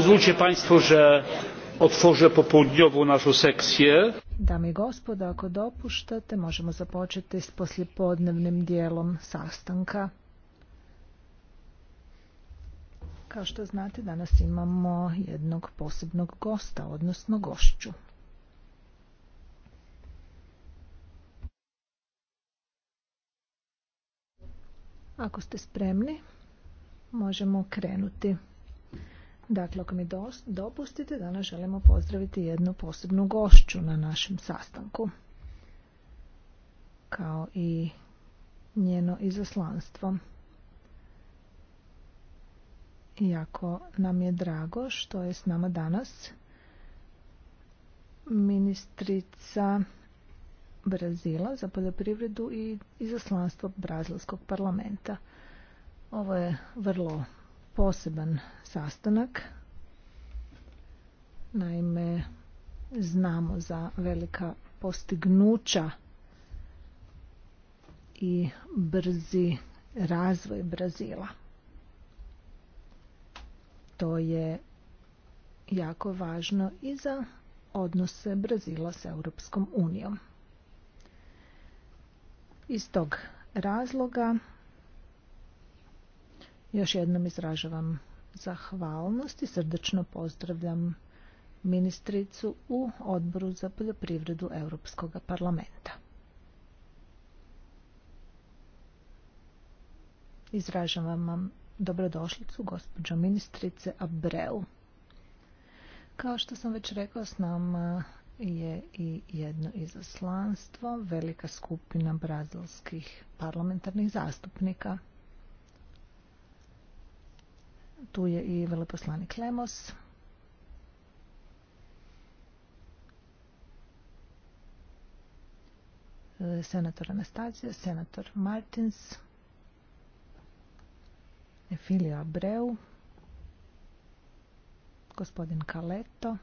pozwólcie państwo że otworzę popołudniową naszą sekcję. Dame i gospodo, ako dopuštate, možemo započeti s poslijepodnevnim dijelom sastanka. Kao što znate, danas imamo jednog posebnog gosta, odnosno gošću. Ako ste spremni, možemo krenuti. Dakle, ako mi dopustite, danas želimo pozdraviti jednu posebnu gošću na našem sastanku, kao i njeno izaslanstvo. Iako nam je drago što je s nama danas ministrica Brazila za poljoprivredu i izaslanstvo Brazilskog parlamenta. Ovo je vrlo poseban sastanak. Naime, znamo za velika postignuća i brzi razvoj Brazila. To je jako važno i za odnose Brazila s Europskom unijom. Iz tog razloga još jednom izražavam zahvalnost i srdečno pozdravljam ministricu u odboru za poljoprivredu Europskog parlamenta. Izražavam vam dobrodošlicu gospođo ministrice Abreu. Kao što sam već rekla, s nama je i jedno izaslanstvo, velika skupina brazilskih parlamentarnih zastupnika – tu je i veleposlanik Lemos. E, senator Anastasio, senator Martins, Filio Abreu, gospodin Kaleto,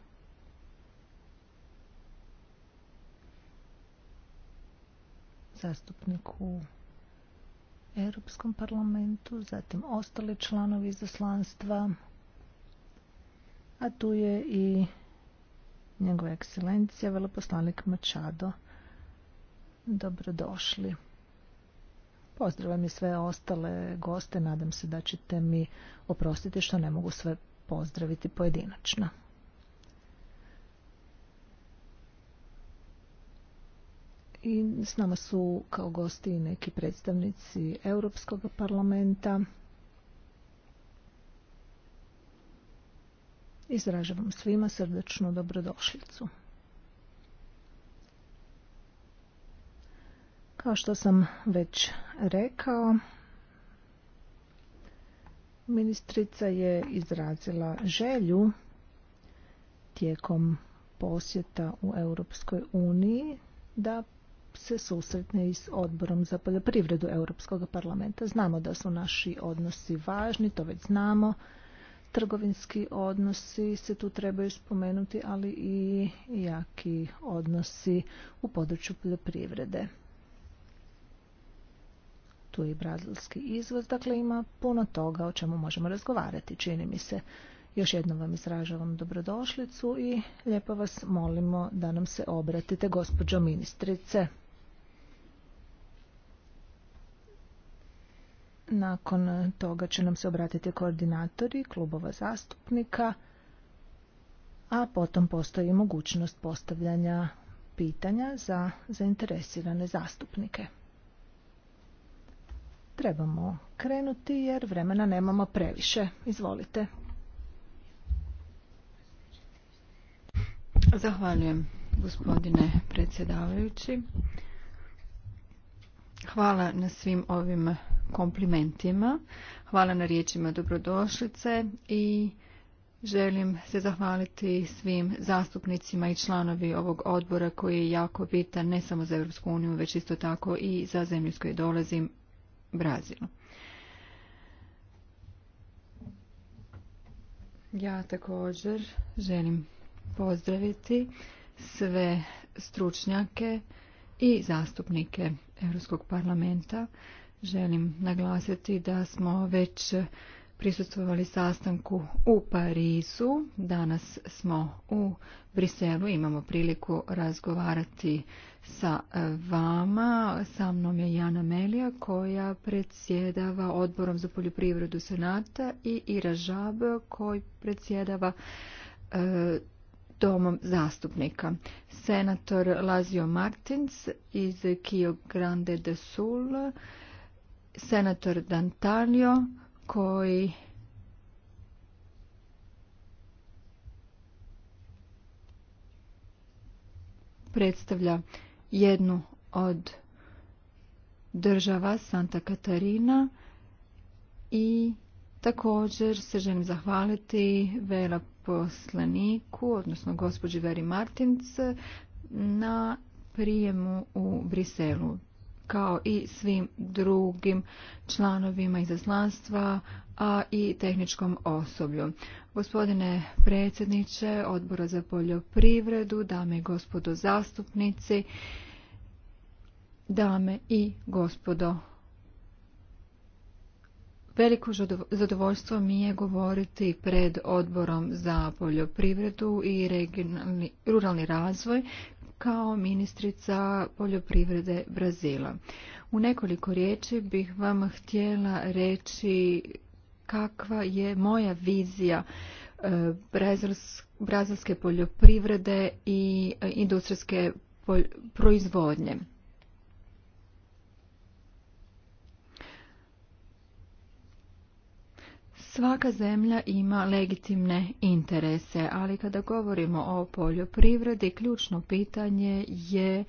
zastupniku Europskom parlamentu, zatim ostali članovi izaslanstva, a tu je i njegova ekscelencija, veloposlanik Mačado. Dobrodošli. pozdravam i sve ostale goste, nadam se da ćete mi oprostiti što ne mogu sve pozdraviti pojedinačno. i s nama su kao gosti neki predstavnici Europskog parlamenta. Izražavam svima srdečnu dobrodošlicu. Kao što sam već rekao, ministrica je izrazila želju tijekom posjeta u Europskoj uniji da se susretne i s odborom za poljoprivredu Europskog parlamenta. Znamo da su naši odnosi važni, to već znamo. Trgovinski odnosi se tu trebaju spomenuti, ali i jaki odnosi u području poljoprivrede. Tu je i brazilski izvoz, dakle ima puno toga o čemu možemo razgovarati, čini mi se. Još jednom vam izražavam dobrodošlicu i lijepo vas molimo da nam se obratite, gospođo ministrice. Nakon toga će nam se obratiti koordinatori klubova zastupnika, a potom postoji mogućnost postavljanja pitanja za zainteresirane zastupnike. Trebamo krenuti jer vremena nemamo previše. Izvolite. Zahvaljujem gospodine predsjedavajući. Hvala na svim ovim komplimentima. Hvala na riječima dobrodošlice i želim se zahvaliti svim zastupnicima i članovi ovog odbora koji je jako bitan ne samo za Europsku uniju, već isto tako i za zemlju s koje dolazim, Brazilu. Ja također želim pozdraviti sve stručnjake i zastupnike Europskog parlamenta Želim naglasiti da smo već prisustvovali sastanku u Parizu. Danas smo u Briselu, imamo priliku razgovarati sa vama. Sa mnom je Jana Melija koja predsjedava odborom za poljoprivredu Senata i Ira Žab koji predsjedava e, domom zastupnika. Senator Lazio Martins iz Kio Grande de Sul senator Dantanio koji predstavlja jednu od država Santa Katarina i također se želim zahvaliti poslaniku, odnosno gospođi Veri Martins na prijemu u Briselu kao i svim drugim članovima izaslanstva, a i tehničkom osoblju. Gospodine predsjedniče Odbora za poljoprivredu, dame i gospodo zastupnici, dame i gospodo Veliko zadovoljstvo mi je govoriti pred odborom za poljoprivredu i ruralni razvoj kao ministrica poljoprivrede Brazila. U nekoliko riječi bih vam htjela reći kakva je moja vizija e, brazilske poljoprivrede i e, industrijske proizvodnje. Svaka zemlja ima legitimne interese, ali kada govorimo o poljoprivredi, ključno pitanje je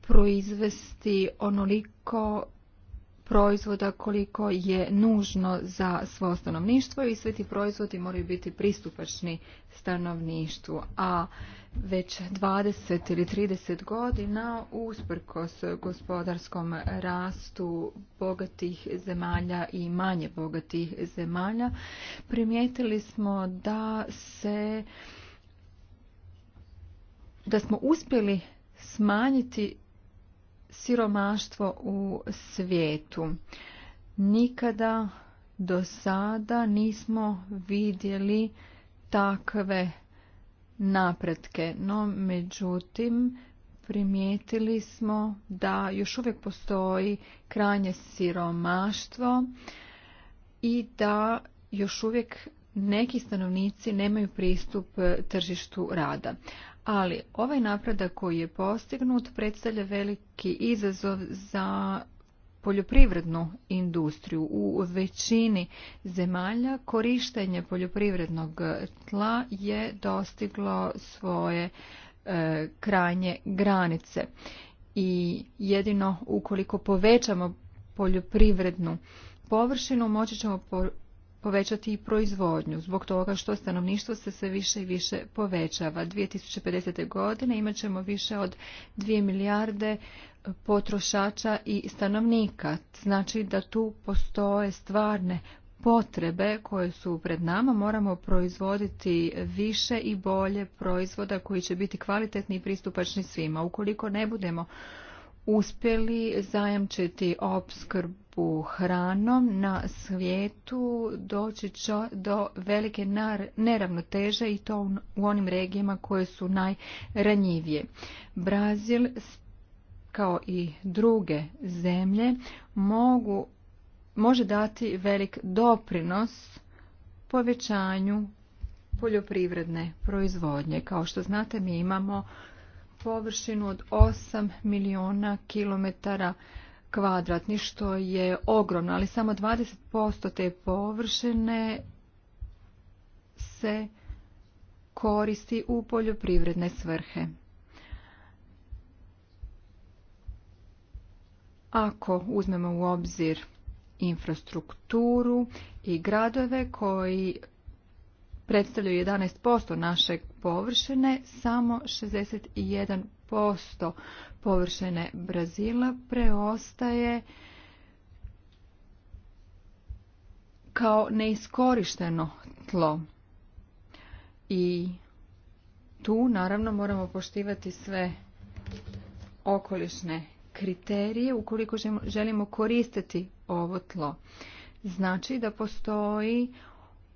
proizvesti onoliko proizvoda koliko je nužno za svo stanovništvo i svi ti proizvodi moraju biti pristupačni stanovništvu, a već 20 ili 30 godina usprkos gospodarskom rastu bogatih zemalja i manje bogatih zemalja primijetili smo da se da smo uspjeli smanjiti siromaštvo u svijetu. Nikada do sada nismo vidjeli takve napretke, no međutim primijetili smo da još uvijek postoji krajnje siromaštvo i da još uvijek neki stanovnici nemaju pristup e, tržištu rada. Ali ovaj napredak koji je postignut predstavlja veliki izazov za poljoprivrednu industriju. U većini zemalja korištenje poljoprivrednog tla je dostiglo svoje e, krajnje granice i jedino ukoliko povećamo poljoprivrednu površinu moći ćemo povećati i proizvodnju zbog toga što stanovništvo se sve više i više povećava. 2050. godine imat ćemo više od 2 milijarde potrošača i stanovnika. Znači da tu postoje stvarne potrebe koje su pred nama. Moramo proizvoditi više i bolje proizvoda koji će biti kvalitetni i pristupačni svima. Ukoliko ne budemo uspjeli zajamčiti opskrbu hranom na svijetu doći će do velike neravnoteže i to u onim regijama koje su najranjivije. Brazil kao i druge zemlje mogu, može dati velik doprinos povećanju poljoprivredne proizvodnje. Kao što znate mi imamo površinu od 8 miliona kilometara kvadratni što je ogromno, ali samo 20% te površine se koristi u poljoprivredne svrhe. Ako uzmemo u obzir infrastrukturu i gradove koji predstavljaju 11% naše površine, samo 61% površine Brazila preostaje kao neiskorišteno tlo. I tu naravno moramo poštivati sve okolišne kriterije ukoliko želimo koristiti ovo tlo. Znači da postoji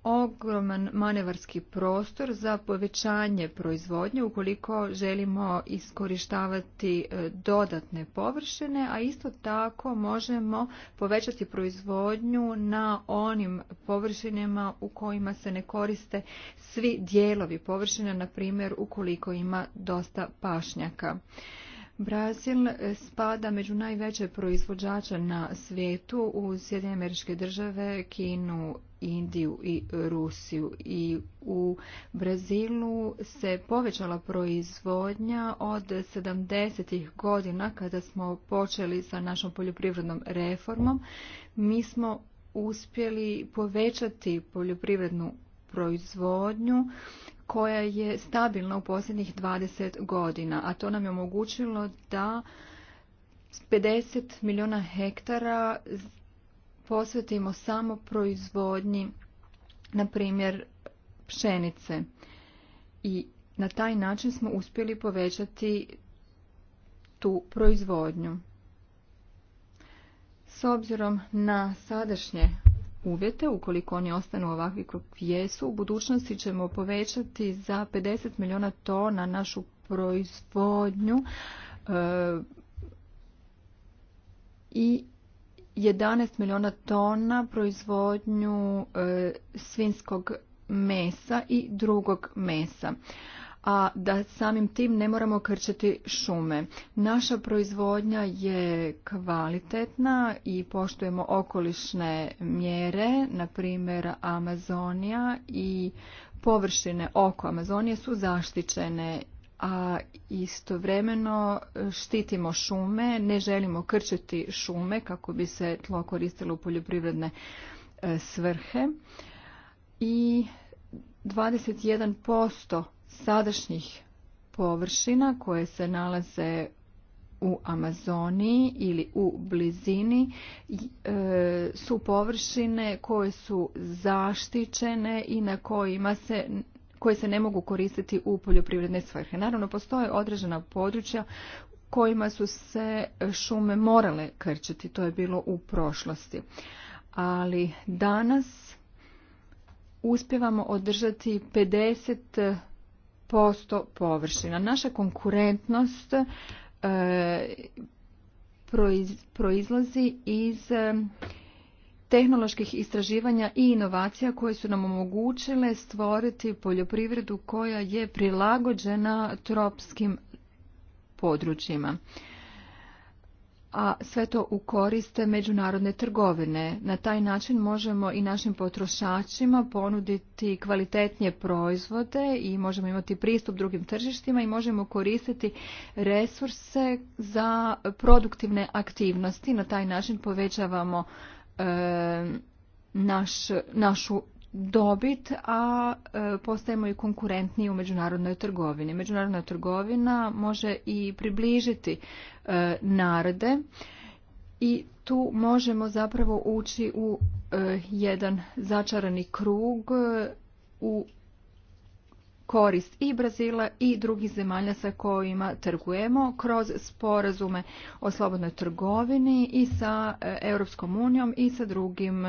ogroman manevarski prostor za povećanje proizvodnje ukoliko želimo iskorištavati e, dodatne površine, a isto tako možemo povećati proizvodnju na onim površinama u kojima se ne koriste svi dijelovi površina, na primjer ukoliko ima dosta pašnjaka. Brazil spada među najveće proizvođače na svijetu u Sjedinje američke države, Kinu, Indiju i Rusiju. I u Brazilu se povećala proizvodnja od 70. godina kada smo počeli sa našom poljoprivrednom reformom. Mi smo uspjeli povećati poljoprivrednu proizvodnju koja je stabilna u posljednjih 20 godina, a to nam je omogućilo da 50 milijuna hektara posvetimo samo proizvodnji, na primjer, pšenice. I na taj način smo uspjeli povećati tu proizvodnju. S obzirom na sadašnje uvjete, ukoliko oni ostanu ovakvi kakvi jesu, u budućnosti ćemo povećati za 50 milijuna tona našu proizvodnju eh, i 11 milijuna tona proizvodnju eh, svinskog mesa i drugog mesa a da samim tim ne moramo krčiti šume. Naša proizvodnja je kvalitetna i poštujemo okolišne mjere, na primjer Amazonija i površine oko Amazonije su zaštićene a istovremeno štitimo šume, ne želimo krčiti šume kako bi se tlo koristilo u poljoprivredne e, svrhe i 21% sadašnjih površina koje se nalaze u Amazoniji ili u blizini e, su površine koje su zaštićene i na kojima se koje se ne mogu koristiti u poljoprivredne svrhe. Naravno, postoje određena područja kojima su se šume morale krčiti. To je bilo u prošlosti. Ali danas uspjevamo održati 50% površina. Naša konkurentnost e, proizlazi iz e, tehnoloških istraživanja i inovacija koje su nam omogućile stvoriti poljoprivredu koja je prilagođena tropskim područjima a sve to u koriste međunarodne trgovine. Na taj način možemo i našim potrošačima ponuditi kvalitetnije proizvode i možemo imati pristup drugim tržištima i možemo koristiti resurse za produktivne aktivnosti. Na taj način povećavamo e, naš, našu dobit, a e, postajemo i konkurentniji u međunarodnoj trgovini. Međunarodna trgovina može i približiti E, narode i tu možemo zapravo ući u e, jedan začarani krug u korist i Brazila i drugih zemalja sa kojima trgujemo kroz sporazume o slobodnoj trgovini i sa e, Europskom unijom i sa drugim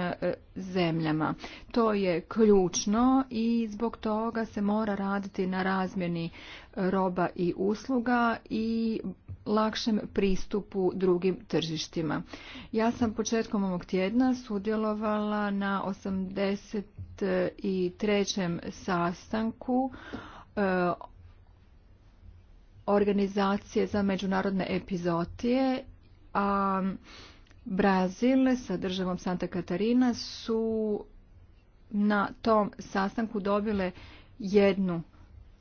zemljama. To je ključno i zbog toga se mora raditi na razmjeni roba i usluga i lakšem pristupu drugim tržištima. Ja sam početkom ovog tjedna sudjelovala na 83. sastanku e, organizacije za međunarodne epizotije, a Brazil sa državom Santa Katarina su na tom sastanku dobile jednu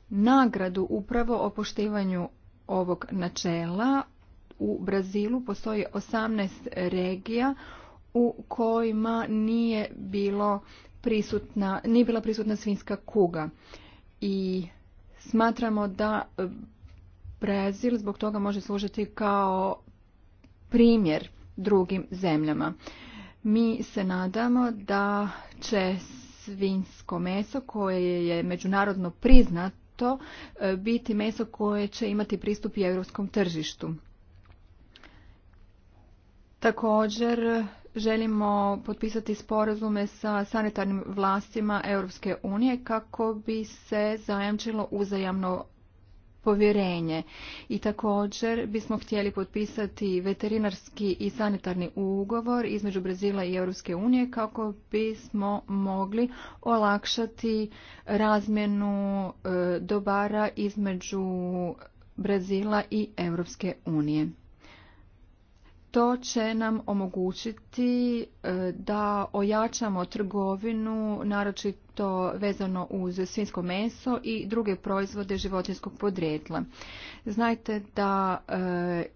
nagradu upravo o poštivanju ovog načela u Brazilu postoji 18 regija u kojima nije bilo prisutna, nije bila prisutna svinska kuga. I smatramo da Brazil zbog toga može služiti kao primjer drugim zemljama. Mi se nadamo da će svinsko meso koje je međunarodno priznat to e, biti meso koje će imati pristup i europskom tržištu. Također želimo potpisati sporazume sa sanitarnim vlastima Europske unije kako bi se zajamčilo uzajamno povjerenje. I također bismo htjeli potpisati veterinarski i sanitarni ugovor između Brazila i Europske unije kako bismo mogli olakšati razmjenu e, dobara između Brazila i Europske unije. To će nam omogućiti e, da ojačamo trgovinu, naročito to vezano uz svinsko meso i druge proizvode životinskog podrijetla. Znajte da e,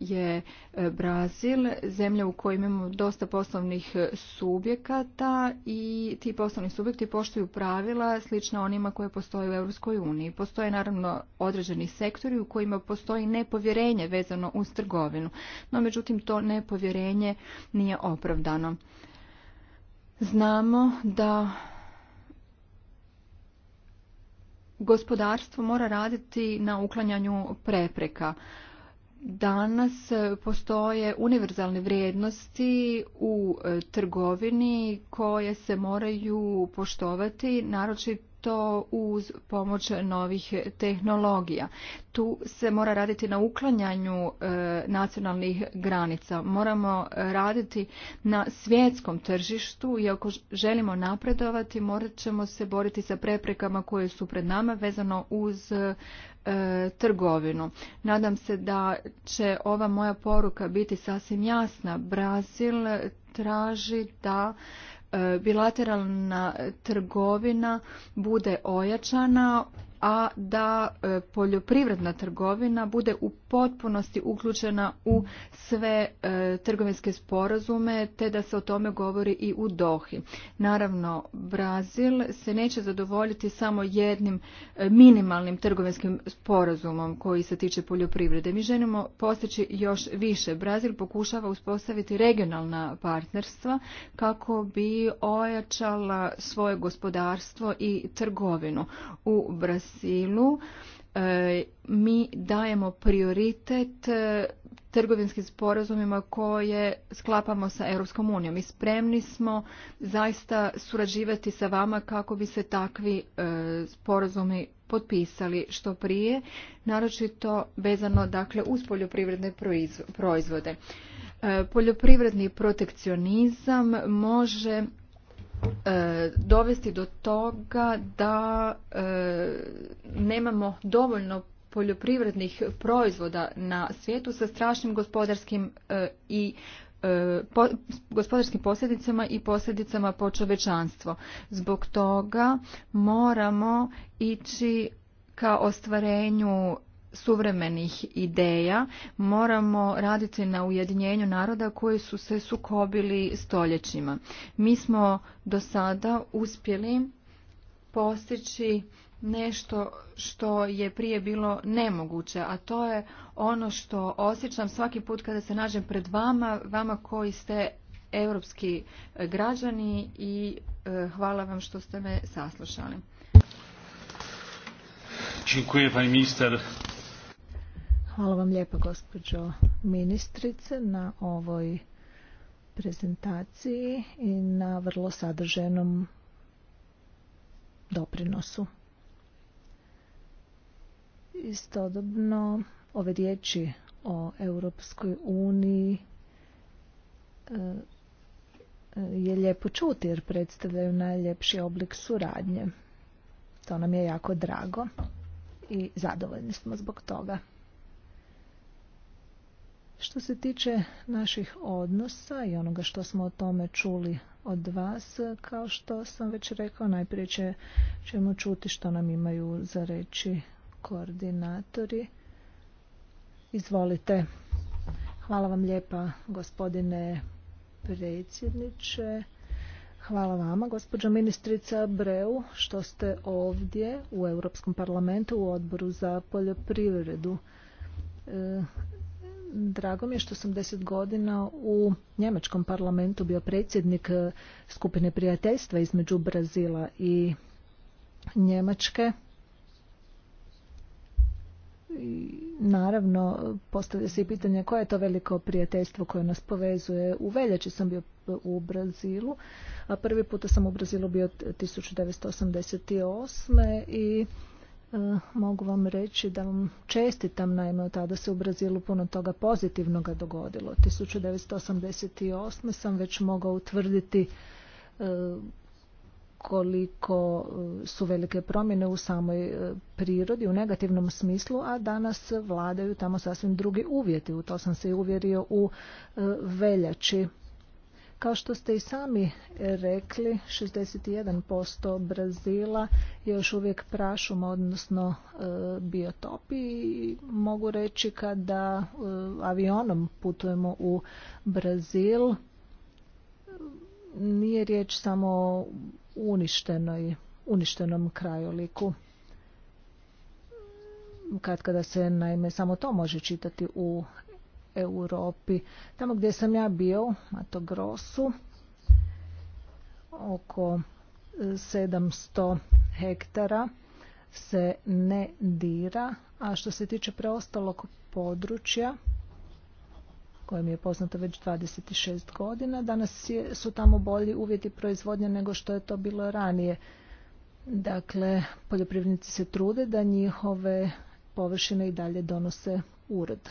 je e, Brazil zemlja u kojoj imamo dosta poslovnih subjekata i ti poslovni subjekti poštuju pravila slična onima koje postoje u Europskoj uniji. Postoje naravno određeni sektori u kojima postoji nepovjerenje vezano uz trgovinu, no međutim to nepovjerenje nije opravdano. Znamo da gospodarstvo mora raditi na uklanjanju prepreka. Danas postoje univerzalne vrijednosti u e, trgovini koje se moraju poštovati, naročito to uz pomoć novih tehnologija. Tu se mora raditi na uklanjanju e, nacionalnih granica. Moramo raditi na svjetskom tržištu i ako želimo napredovati morat ćemo se boriti sa preprekama koje su pred nama vezano uz e, trgovinu. Nadam se da će ova moja poruka biti sasvim jasna. Brazil traži da bilateralna trgovina bude ojačana a da e, poljoprivredna trgovina bude u potpunosti uključena u sve e, trgovinske sporazume te da se o tome govori i u Dohi. Naravno, Brazil se neće zadovoljiti samo jednim e, minimalnim trgovinskim sporazumom koji se tiče poljoprivrede. Mi želimo postići još više. Brazil pokušava uspostaviti regionalna partnerstva kako bi ojačala svoje gospodarstvo i trgovinu. U Brazilu cilu. E, mi dajemo prioritet e, trgovinskim sporazumima koje sklapamo sa Europskom unijom i spremni smo zaista surađivati sa vama kako bi se takvi e, sporazumi potpisali što prije, naročito vezano dakle uz poljoprivredne proizvode. Poljoprivredni protekcionizam može E, dovesti do toga da e, nemamo dovoljno poljoprivrednih proizvoda na svijetu sa strašnim gospodarskim e, i gospodarskim posljedicama i posljedicama po čovečanstvo. Zbog toga moramo ići ka ostvarenju suvremenih ideja moramo raditi na ujedinjenju naroda koji su se sukobili stoljećima. Mi smo do sada uspjeli postići nešto što je prije bilo nemoguće, a to je ono što osjećam svaki put kada se nađem pred vama, vama koji ste europski građani i e, hvala vam što ste me saslušali. Dziękuję minister. Hvala vam lijepa gospođo ministrice na ovoj prezentaciji i na vrlo sadrženom doprinosu. Istodobno ove riječi o Europskoj uniji eh, je lijepo čuti jer predstavljaju najljepši oblik suradnje. To nam je jako drago i zadovoljni smo zbog toga. Što se tiče naših odnosa i onoga što smo o tome čuli od vas, kao što sam već rekao, najprije ćemo čuti što nam imaju za reći koordinatori. Izvolite. Hvala vam lijepa gospodine predsjedniče. Hvala vama, gospođo ministrica Breu, što ste ovdje u Europskom parlamentu u odboru za poljoprivredu. E, Drago mi je što sam deset godina u Njemačkom parlamentu bio predsjednik e, skupine prijateljstva između Brazila i Njemačke. I naravno, postavlja se i pitanje koje je to veliko prijateljstvo koje nas povezuje. U veljači sam bio u Brazilu, a prvi puta sam u Brazilu bio 1988. i E, mogu vam reći da vam čestitam, naime od tada se u Brazilu puno toga pozitivnoga dogodilo. 1988. sam već mogao utvrditi e, koliko e, su velike promjene u samoj prirodi u negativnom smislu, a danas vladaju tamo sasvim drugi uvjeti. U to sam se i uvjerio u veljači kao što ste i sami rekli, 61% Brazila je još uvijek prašuma, odnosno e, biotopi i mogu reći kada e, avionom putujemo u Brazil, nije riječ samo o uništenoj, uništenom krajoliku. Kad kada se naime samo to može čitati u Europi. Tamo gdje sam ja bio, a to Grosu, oko 700 hektara se ne dira, a što se tiče preostalog područja, koje mi je poznato već 26 godina, danas su tamo bolji uvjeti proizvodnje nego što je to bilo ranije. Dakle, poljoprivrednici se trude da njihove površine i dalje donose urod.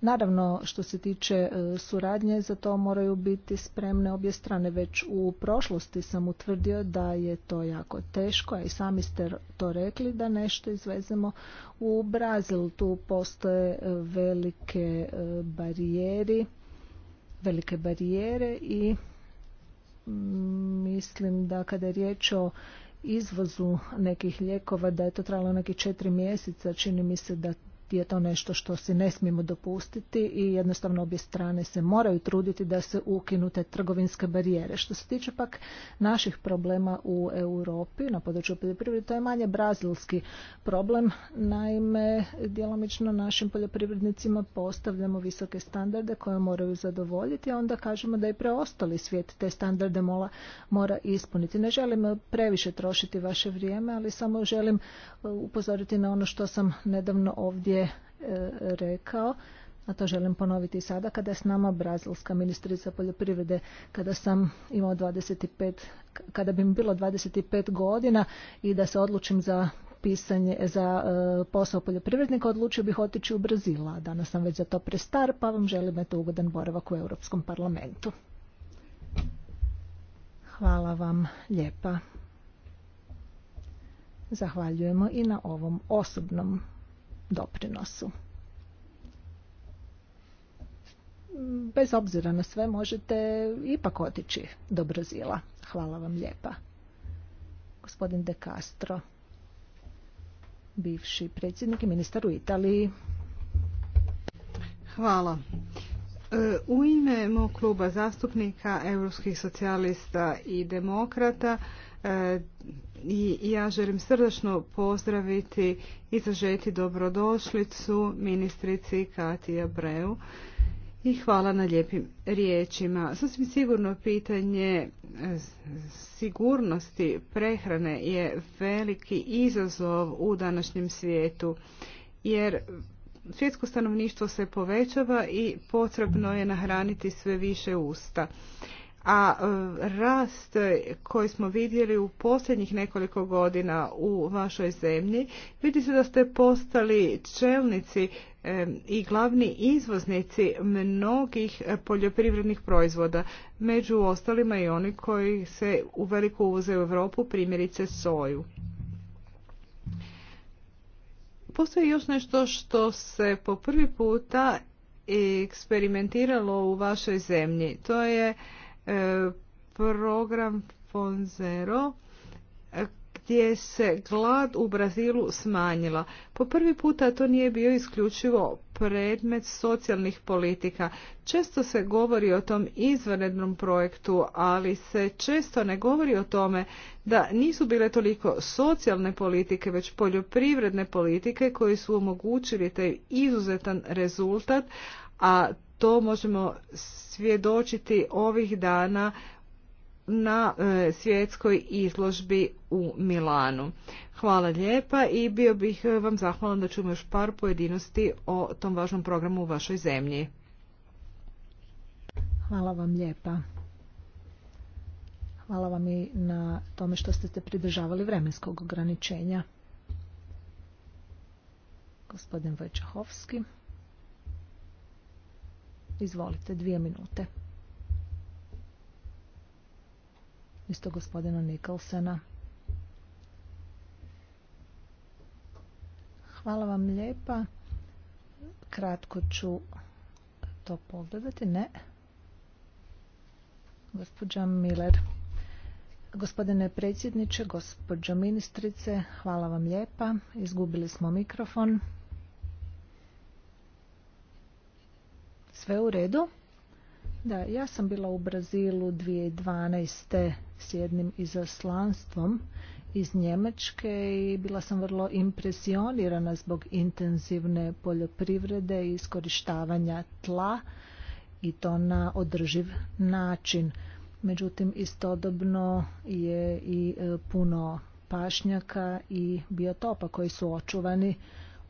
Naravno, što se tiče e, suradnje, za to moraju biti spremne obje strane. Već u prošlosti sam utvrdio da je to jako teško, a i sami ste to rekli, da nešto izvezemo u Brazil. Tu postoje e, velike e, barijeri, velike barijere i mm, mislim da kada je riječ o izvozu nekih lijekova da je to trajalo nekih četiri mjeseca čini mi se da je to nešto što se ne smijemo dopustiti i jednostavno obje strane se moraju truditi da se ukinu te trgovinske barijere. Što se tiče pak naših problema u Europi na području poljoprivrede, to je manje brazilski problem. Naime, djelomično našim poljoprivrednicima postavljamo visoke standarde koje moraju zadovoljiti, a onda kažemo da i preostali svijet te standarde mora ispuniti. Ne želim previše trošiti vaše vrijeme, ali samo želim upozoriti na ono što sam nedavno ovdje rekao, a to želim ponoviti i sada, kada je s nama brazilska ministrica poljoprivrede, kada sam imao 25, kada bi mi bilo 25 godina i da se odlučim za pisanje za e, posao poljoprivrednika, odlučio bih otići u Brazila. Danas sam već za to prestar, pa vam želim eto ugodan boravak u Europskom parlamentu. Hvala vam lijepa. Zahvaljujemo i na ovom osobnom doprinosu. Bez obzira na sve možete ipak otići do Brazila. Hvala vam lijepa. Gospodin De Castro, bivši predsjednik i ministar u Italiji. Hvala. E, u ime mog kluba zastupnika Europskih socijalista i demokrata e, i ja želim srdačno pozdraviti i zažeti dobrodošlicu ministrici Katija Breu i hvala na lijepim riječima. Sasvim sigurno pitanje e, sigurnosti prehrane je veliki izazov u današnjem svijetu jer svjetsko stanovništvo se povećava i potrebno je nahraniti sve više usta a e, rast koji smo vidjeli u posljednjih nekoliko godina u vašoj zemlji, vidi se da ste postali čelnici e, i glavni izvoznici mnogih poljoprivrednih proizvoda, među ostalima i oni koji se u veliku uvoze u Europu, primjerice soju. Postoji još nešto što se po prvi puta eksperimentiralo u vašoj zemlji. To je E, program Fonzero e, gdje se glad u Brazilu smanjila. Po prvi puta to nije bio isključivo predmet socijalnih politika. Često se govori o tom izvanrednom projektu, ali se često ne govori o tome da nisu bile toliko socijalne politike, već poljoprivredne politike koji su omogućili taj izuzetan rezultat, a to možemo svjedočiti ovih dana na e, svjetskoj izložbi u Milanu. Hvala lijepa i bio bih e, vam zahvalan da čujemo još par pojedinosti o tom važnom programu u vašoj zemlji. Hvala vam lijepa. Hvala vam i na tome što ste se pridržavali vremenskog ograničenja. Gospodin Vojčahovski. Izvolite, dvije minute. Isto gospodina Nikolsena. Hvala vam lijepa. Kratko ću to pogledati. Ne. Gospođa Miller. Gospodine predsjedniče, gospođo ministrice, hvala vam lijepa. Izgubili smo mikrofon. Sve u redu? Da, ja sam bila u Brazilu 2012. s jednim izaslanstvom iz Njemačke i bila sam vrlo impresionirana zbog intenzivne poljoprivrede i iskorištavanja tla i to na održiv način. Međutim, istodobno je i e, puno pašnjaka i biotopa koji su očuvani.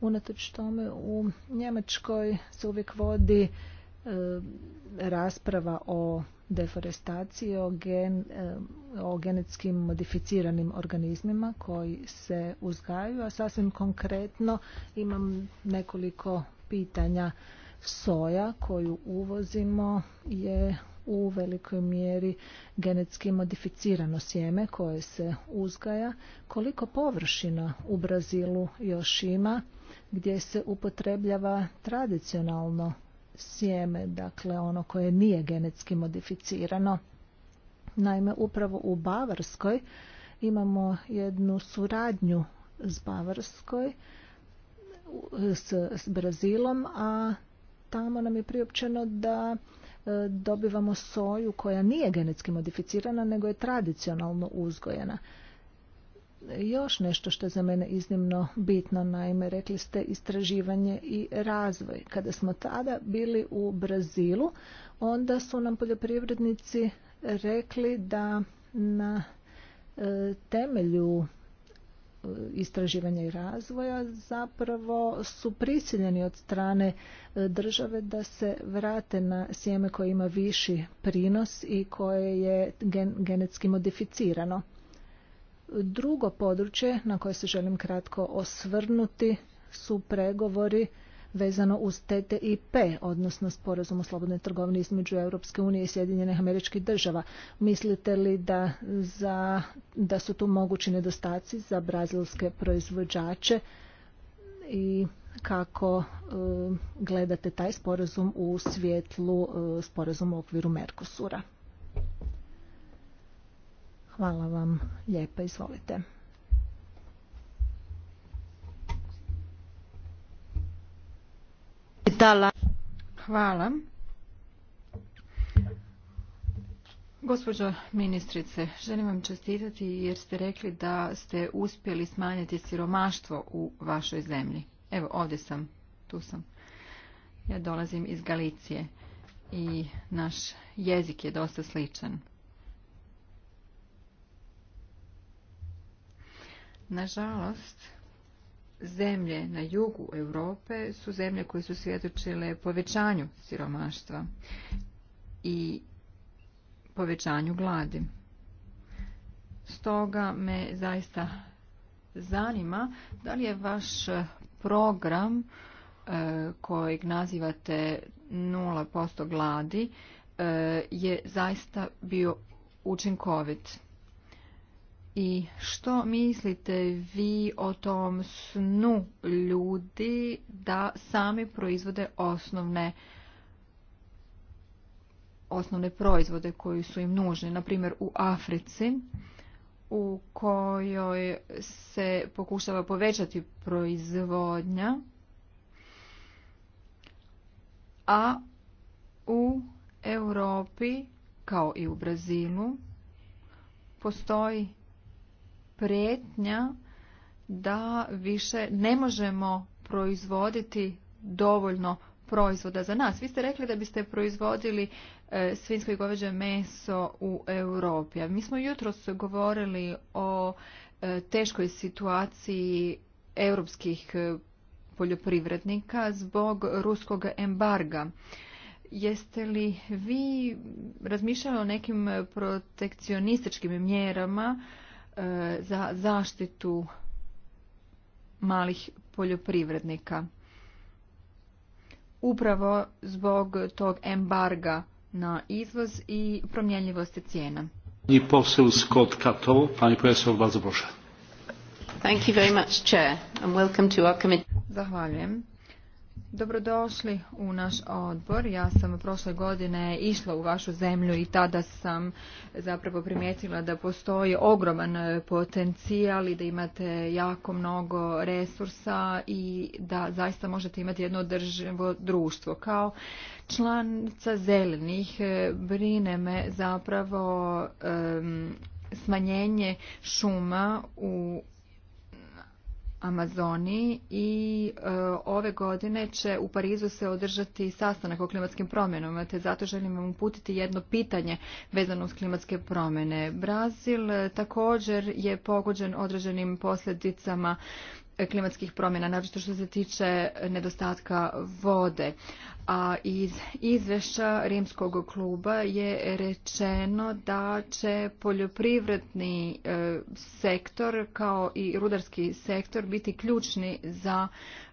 Unatoč tome u Njemačkoj se uvijek vodi E, rasprava o deforestaciji, o, gen, e, o genetskim modificiranim organizmima koji se uzgajaju, a sasvim konkretno imam nekoliko pitanja. Soja koju uvozimo je u velikoj mjeri genetski modificirano sjeme koje se uzgaja. Koliko površina u Brazilu još ima gdje se upotrebljava tradicionalno sjeme, dakle ono koje nije genetski modificirano. Naime, upravo u Bavarskoj imamo jednu suradnju s Bavarskoj, s, s Brazilom, a tamo nam je priopćeno da e, dobivamo soju koja nije genetski modificirana, nego je tradicionalno uzgojena još nešto što je za mene iznimno bitno, naime rekli ste istraživanje i razvoj. Kada smo tada bili u Brazilu, onda su nam poljoprivrednici rekli da na e, temelju e, istraživanja i razvoja zapravo su prisiljeni od strane e, države da se vrate na sjeme koje ima viši prinos i koje je genetski modificirano. Drugo područje na koje se želim kratko osvrnuti su pregovori vezano uz TTIP, odnosno sporazum o slobodnoj trgovini između Europske unije i Sjedinjenih američkih država. Mislite li da, za, da su tu mogući nedostaci za brazilske proizvođače i kako e, gledate taj sporazum u svjetlu e, sporazuma u okviru Merkosura? Hvala vam lijepa, izvolite. Hvala. Gospođo ministrice, želim vam čestitati jer ste rekli da ste uspjeli smanjiti siromaštvo u vašoj zemlji. Evo, ovdje sam, tu sam. Ja dolazim iz Galicije i naš jezik je dosta sličan. Nažalost, zemlje na jugu Europe su zemlje koje su svjedočile povećanju siromaštva i povećanju gladi. Stoga me zaista zanima da li je vaš program e, kojeg nazivate 0% gladi e, je zaista bio učinkovit. I što mislite vi o tom snu ljudi da sami proizvode osnovne osnovne proizvode koji su im nužni, na primjer u Africi u kojoj se pokušava povećati proizvodnja a u Europi kao i u Brazilu postoji prijetnja da više ne možemo proizvoditi dovoljno proizvoda za nas. Vi ste rekli da biste proizvodili e, svinsko i goveđe meso u Europi. A mi smo jutros govorili o e, teškoj situaciji europskih e, poljoprivrednika zbog ruskog embarga. Jeste li vi razmišljali o nekim protekcionističkim mjerama E, za zaštitu malih poljoprivrednika. Upravo zbog tog embarga na izvoz i promjenljivosti cijena. I poseł Scott Cato, pani profesor, bardzo proszę. Thank you very much, Chair, and welcome to our committee. Zahvaljujem. Dobrodošli u naš odbor. Ja sam prošle godine išla u vašu zemlju i tada sam zapravo primijetila da postoji ogroman e, potencijal i da imate jako mnogo resursa i da zaista možete imati jedno održivo društvo. Kao članica zelenih e, brine me zapravo smanjenje šuma u Amazoni i e, ove godine će u Parizu se održati sastanak o klimatskim promjenama, te zato želim vam uputiti jedno pitanje vezano uz klimatske promjene. Brazil e, također je pogođen određenim posljedicama e, klimatskih promjena, naročito što se tiče nedostatka vode. A iz izvješća Rimskog kluba je rečeno da će poljoprivredni e, sektor kao i rudarski sektor biti ključni za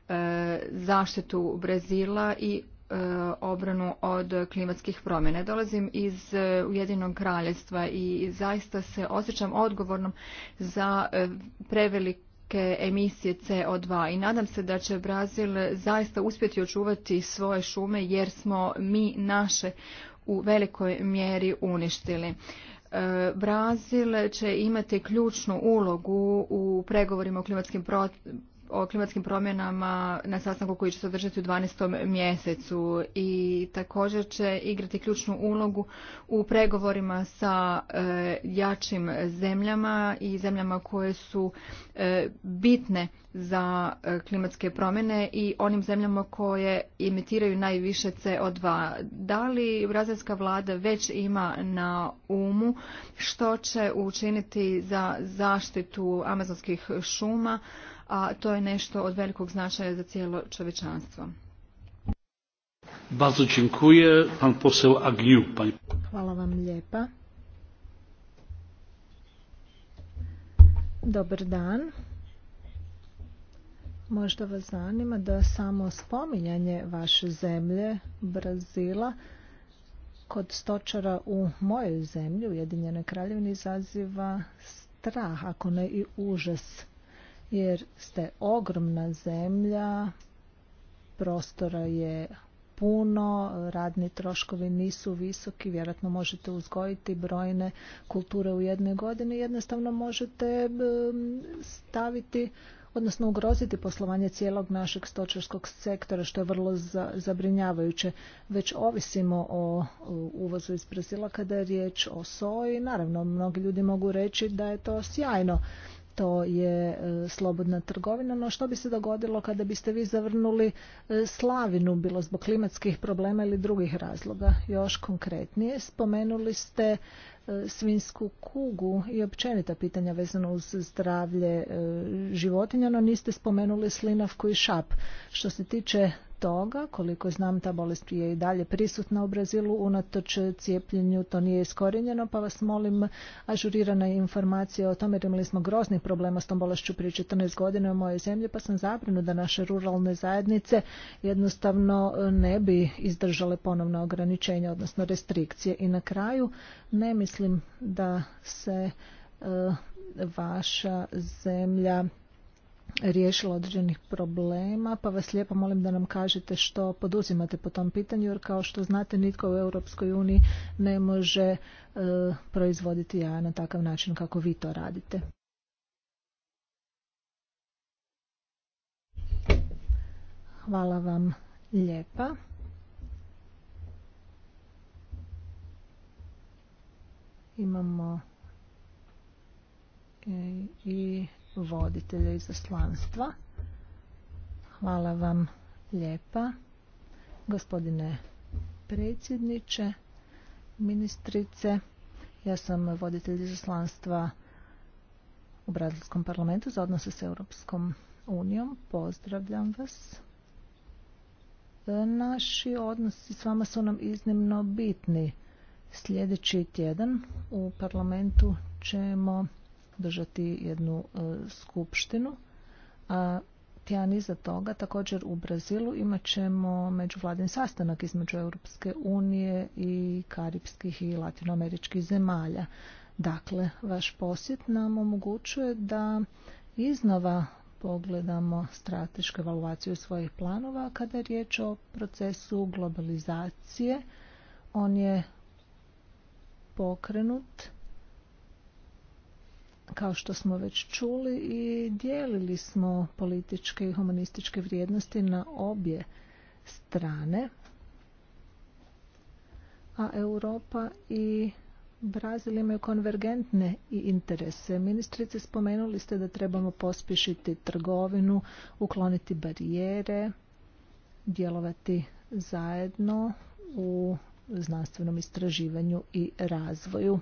e, zaštitu Brazila i e, obranu od klimatskih promjena. Dolazim iz Ujedinog kraljestva i zaista se osjećam odgovornom za prevelik emisije CO2 i nadam se da će Brazil zaista uspjeti očuvati svoje šume jer smo mi naše u velikoj mjeri uništili. E, Brazil će imati ključnu ulogu u pregovorima o klimatskim o klimatskim promjenama na sastanku koji će se održati u 12. mjesecu i također će igrati ključnu ulogu u pregovorima sa e, jačim zemljama i zemljama koje su e, bitne za e, klimatske promjene i onim zemljama koje imitiraju najviše CO2. Da li brazilska vlada već ima na umu što će učiniti za zaštitu amazonskih šuma a to je nešto od velikog značaja za cijelo čovečanstvo. Bardzo Hvala vam lijepa. Dobar dan. Možda vas zanima da samo spominjanje vaše zemlje, Brazila, kod stočara u mojoj zemlji, Ujedinjenoj kraljevini, izaziva strah, ako ne i užas jer ste ogromna zemlja, prostora je puno, radni troškovi nisu visoki, vjerojatno možete uzgojiti brojne kulture u jednoj godini, jednostavno možete staviti odnosno ugroziti poslovanje cijelog našeg stočarskog sektora, što je vrlo zabrinjavajuće. Već ovisimo o uvozu iz Brazila kada je riječ o soji. Naravno, mnogi ljudi mogu reći da je to sjajno, to je e, slobodna trgovina, no što bi se dogodilo kada biste vi zavrnuli e, slavinu, bilo zbog klimatskih problema ili drugih razloga? Još konkretnije, spomenuli ste e, svinsku kugu i općenita pitanja vezano uz zdravlje životinja, no niste spomenuli slinavku i šap. Što se tiče toga, koliko znam, ta bolest je i dalje prisutna u Brazilu, unatoč cijepljenju to nije iskorinjeno, pa vas molim ažurirana informacije o tome, jer imali smo groznih problema s tom bolešću prije 14 godina u mojoj zemlji, pa sam zabrinu da naše ruralne zajednice jednostavno e, ne bi izdržale ponovno ograničenja, odnosno restrikcije. I na kraju ne mislim da se e, vaša zemlja riješila određenih problema, pa vas lijepo molim da nam kažete što poduzimate po tom pitanju, jer kao što znate nitko u Europskoj uniji ne može e, proizvoditi jaja na takav način kako vi to radite. Hvala vam lijepa. Imamo e, i voditelja izaslanstva. Hvala vam lijepa, gospodine predsjedniče, ministrice. Ja sam voditelj izaslanstva u Brazilskom parlamentu za odnose s Europskom unijom. Pozdravljam vas. Naši odnosi s vama su nam iznimno bitni. Sljedeći tjedan u parlamentu ćemo držati jednu e, skupštinu. A iza toga također u Brazilu imat ćemo međuvladin sastanak između Europske unije i karipskih i latinoameričkih zemalja. Dakle, vaš posjet nam omogućuje da iznova pogledamo stratešku evaluaciju svojih planova kada je riječ o procesu globalizacije. On je pokrenut kao što smo već čuli i dijelili smo političke i humanističke vrijednosti na obje strane a Europa i Brazil imaju konvergentne interese. Ministrice, spomenuli ste da trebamo pospješiti trgovinu, ukloniti barijere, djelovati zajedno u znanstvenom istraživanju i razvoju.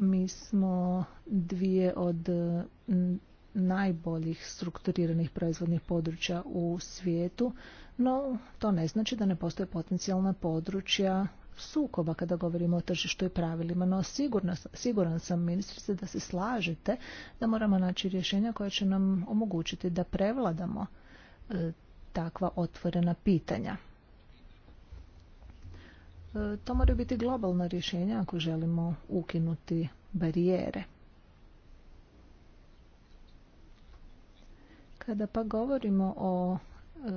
mi smo dvije od mm, najboljih strukturiranih proizvodnih područja u svijetu, no to ne znači da ne postoje potencijalna područja sukoba kada govorimo o tržištu i pravilima, no sigurno, siguran sam ministrice da se slažete da moramo naći rješenja koja će nam omogućiti da prevladamo e, takva otvorena pitanja. E, to moraju biti globalna rješenja ako želimo ukinuti barijere. Kada pa govorimo o e,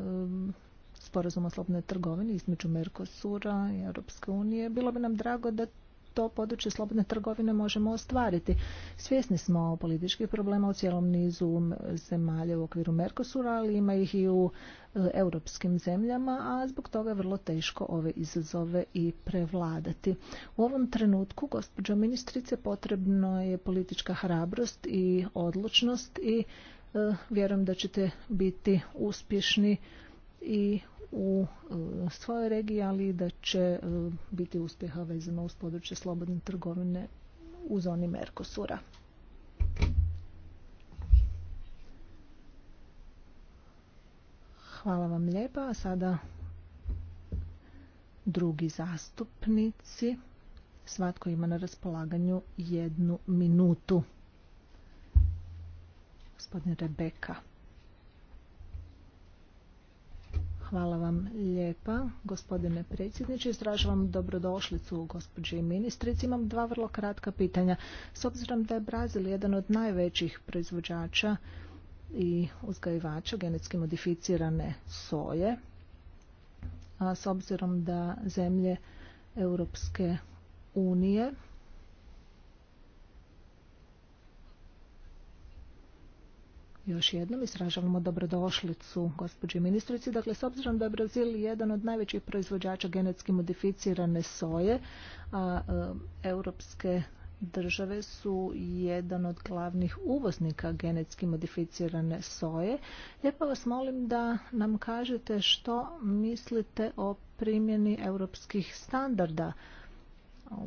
sporazumu o slobodnoj trgovini između Mercosura i Europske unije, bilo bi nam drago da to područje slobodne trgovine možemo ostvariti. Svjesni smo političkih problema u cijelom nizu zemalja u okviru Merkosura, ali ima ih i u e, europskim zemljama, a zbog toga je vrlo teško ove izazove i prevladati. U ovom trenutku, gospođo ministrice, potrebno je politička hrabrost i odlučnost i e, vjerujem da ćete biti uspješni i u e, svojoj regiji, ali da će e, biti uspjeha vezano uz područje slobodne trgovine u zoni Merkosura. Hvala vam lijepa. A sada drugi zastupnici. Svatko ima na raspolaganju jednu minutu. Gospodin Rebeka. Hvala vam lijepa, gospodine predsjedniče. Izražavam dobrodošlicu gospođi ministrici. Imam dva vrlo kratka pitanja. S obzirom da je Brazil jedan od najvećih proizvođača i uzgajivača genetski modificirane soje, a s obzirom da zemlje Europske unije Još jednom izražavamo dobrodošlicu gospođi ministrici. Dakle, s obzirom da je Brazil jedan od najvećih proizvođača genetski modificirane soje, a e, europske države su jedan od glavnih uvoznika genetski modificirane soje. Lijepo vas molim da nam kažete što mislite o primjeni europskih standarda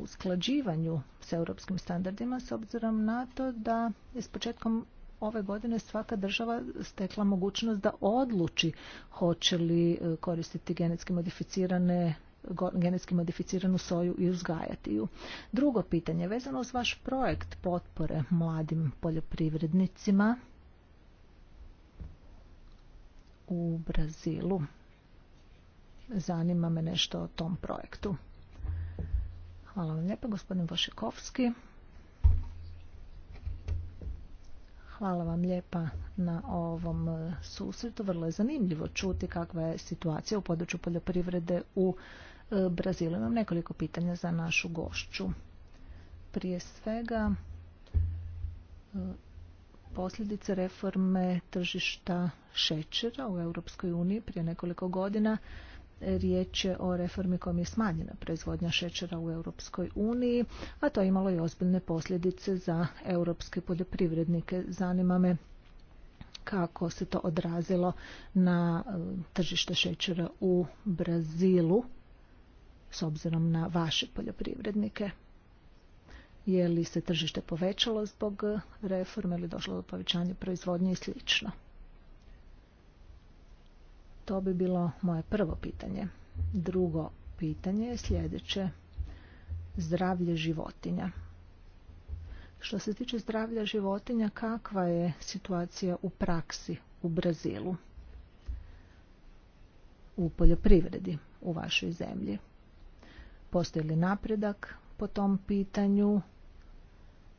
usklađivanju s europskim standardima s obzirom na to da je s početkom ove godine svaka država stekla mogućnost da odluči hoće li e, koristiti genetski modificirane genetski modificiranu soju i uzgajati ju. Drugo pitanje, vezano uz vaš projekt potpore mladim poljoprivrednicima u Brazilu. Zanima me nešto o tom projektu. Hvala vam lijepa, gospodin Vošekovski. Hvala vam lijepa na ovom e, susretu. Vrlo je zanimljivo čuti kakva je situacija u području poljoprivrede u e, Brazilu. Imam nekoliko pitanja za našu gošću. Prije svega, e, posljedice reforme tržišta šećera u Europskoj uniji prije nekoliko godina riječ je o reformi kojom je smanjena proizvodnja šećera u Europskoj uniji, a to je imalo i ozbiljne posljedice za europske poljoprivrednike. Zanima me kako se to odrazilo na e, tržište šećera u Brazilu s obzirom na vaše poljoprivrednike. Je li se tržište povećalo zbog e, reforme ili došlo do povećanja proizvodnje i slično? To bi bilo moje prvo pitanje. Drugo pitanje je sljedeće. Zdravlje životinja. Što se tiče zdravlja životinja, kakva je situacija u praksi u Brazilu? U poljoprivredi u vašoj zemlji. Postoji li napredak po tom pitanju?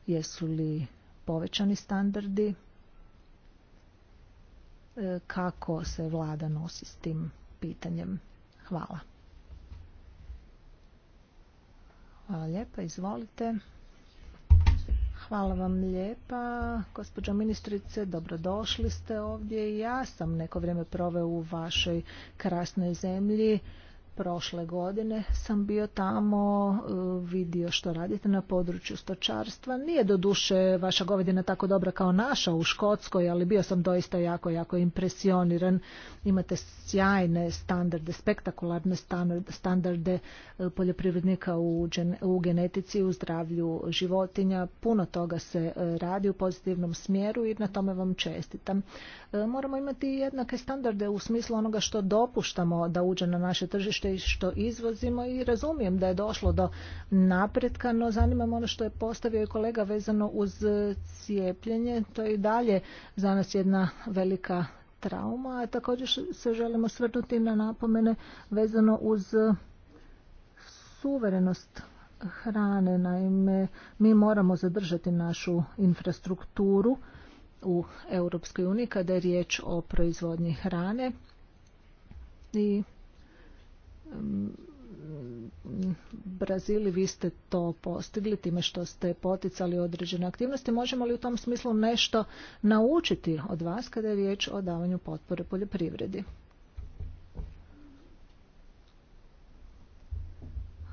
Jesu li povećani standardi? E, kako se vlada nosi s tim pitanjem. Hvala. Hvala lijepa, izvolite. Hvala vam lijepa, gospođo ministrice, dobrodošli ste ovdje. Ja sam neko vrijeme proveo u vašoj krasnoj zemlji. Prošle godine sam bio tamo, e, vidio što radite na području stočarstva. Nije duše vaša govedina tako dobra kao naša u Škotskoj, ali bio sam doista jako, jako impresioniran. Imate sjajne standarde, spektakularne standarde e, poljoprivrednika u genetici, u zdravlju životinja. Puno toga se e, radi u pozitivnom smjeru i na tome vam čestitam. Moramo imati jednake standarde u smislu onoga što dopuštamo da uđe na naše tržište i što izvozimo i razumijem da je došlo do napretka, no zanimam ono što je postavio i kolega vezano uz cijepljenje. To je i dalje za nas jedna velika trauma, a također se želimo svrnuti na napomene vezano uz suverenost hrane. Naime, mi moramo zadržati našu infrastrukturu u Europskoj uniji kada je riječ o proizvodnji hrane i Brazili vi ste to postigli time što ste poticali određene aktivnosti. Možemo li u tom smislu nešto naučiti od vas kada je riječ o davanju potpore poljoprivredi?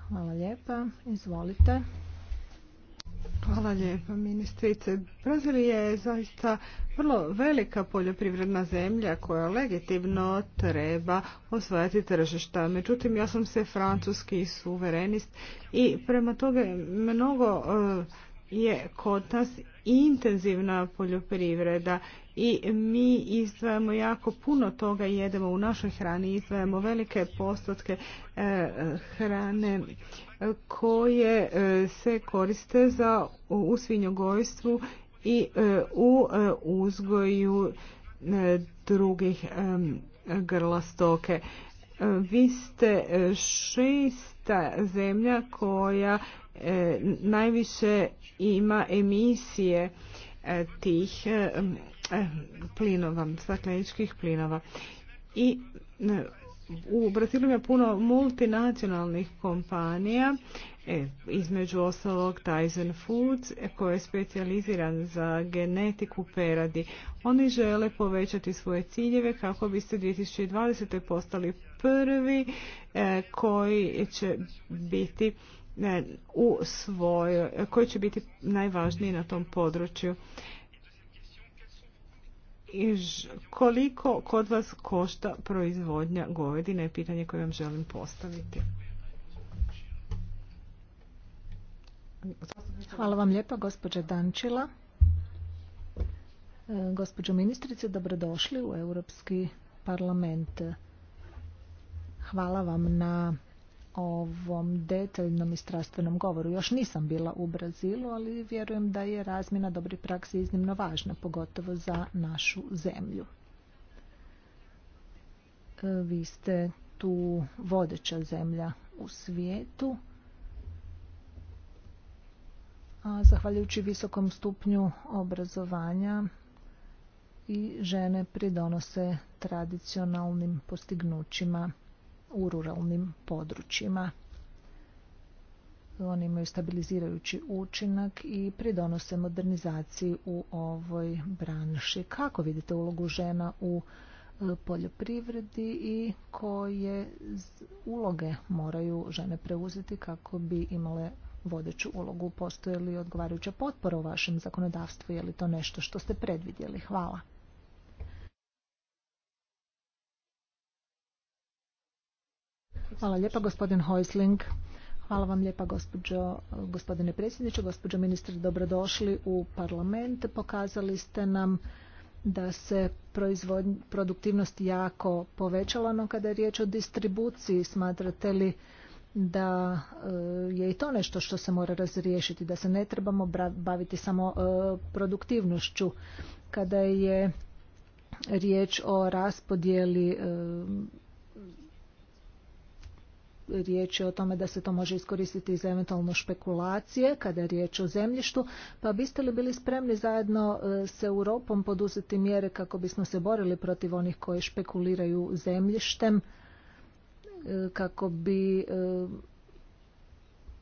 Hvala lijepa. Izvolite. Hvala lijepa, ministrice. Brazil je zaista vrlo velika poljoprivredna zemlja koja legitimno treba osvajati tržišta. Međutim, ja sam se francuski suverenist i prema toga mnogo e, je kod nas intenzivna poljoprivreda i mi izdvajamo jako puno toga jedemo u našoj hrani, izdvajamo velike postotke e, hrane e, koje e, se koriste za u svinjogojstvu i u uzgoju drugih grla stoke. Vi ste šest ta zemlja koja e, najviše ima emisije e, tih e, plinova, stakleničkih plinova. I u Brazilu je puno multinacionalnih kompanija, između ostalog Tyson Foods, koji je specijaliziran za genetiku peradi. Oni žele povećati svoje ciljeve kako biste 2020. postali prvi e, koji će biti e, u svoj, koji će biti najvažniji na tom području. koliko kod vas košta proizvodnja govedine je pitanje koje vam želim postaviti. Hvala vam lijepa, gospođa Dančila. E, gospođo ministrice, dobrodošli u Europski parlament. Hvala vam na ovom detaljnom i strastvenom govoru. Još nisam bila u Brazilu, ali vjerujem da je razmjena dobri praksi iznimno važna, pogotovo za našu zemlju. E, vi ste tu vodeća zemlja u svijetu. A zahvaljujući visokom stupnju obrazovanja i žene pridonose tradicionalnim postignućima u ruralnim područjima. Oni imaju stabilizirajući učinak i pridonose modernizaciji u ovoj branši. Kako vidite ulogu žena u e, poljoprivredi i koje uloge moraju žene preuzeti kako bi imale vodeću ulogu? Postoje li odgovarajuća potpora u vašem zakonodavstvu? Je li to nešto što ste predvidjeli? Hvala. Hvala lijepa gospodin Hojsling. Hvala vam lijepa gospođo, gospodine predsjedniče, gospođo ministre, dobrodošli u parlament. Pokazali ste nam da se produktivnost jako povećala, no kada je riječ o distribuciji smatrate li da e, je i to nešto što se mora razriješiti, da se ne trebamo baviti samo e, produktivnošću. Kada je riječ o raspodjeli e, riječ je o tome da se to može iskoristiti za eventualno špekulacije kada je riječ o zemljištu, pa biste li bili spremni zajedno e, s Europom poduzeti mjere kako bismo se borili protiv onih koji špekuliraju zemljištem e, kako bi e,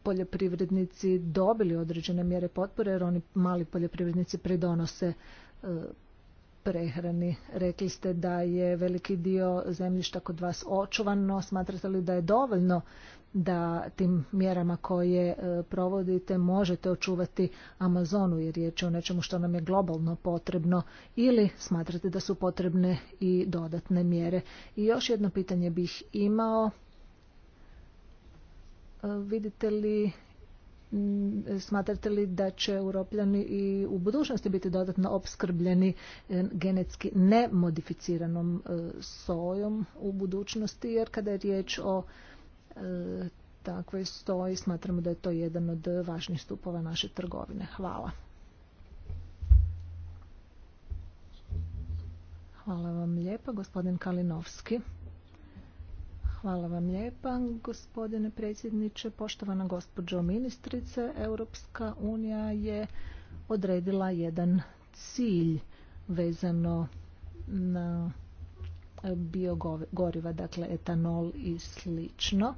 poljoprivrednici dobili određene mjere potpore jer oni mali poljoprivrednici pridonose prehrani. Rekli ste da je veliki dio zemljišta kod vas očuvano. smatrate li da je dovoljno da tim mjerama koje e, provodite možete očuvati Amazonu jer riječ je o nečemu što nam je globalno potrebno ili smatrate da su potrebne i dodatne mjere. I još jedno pitanje bih imao. E, vidite li Mm, smatrate li da će europljani i u budućnosti biti dodatno opskrbljeni e, genetski nemodificiranom e, sojom u budućnosti jer kada je riječ o e, takvoj stoji smatramo da je to jedan od važnih stupova naše trgovine. Hvala. Hvala vam lijepa, gospodin Kalinovski. Hvala vam lijepa, gospodine predsjedniče. Poštovana gospođo ministrice, Europska unija je odredila jedan cilj vezano na biogoriva, dakle etanol i slično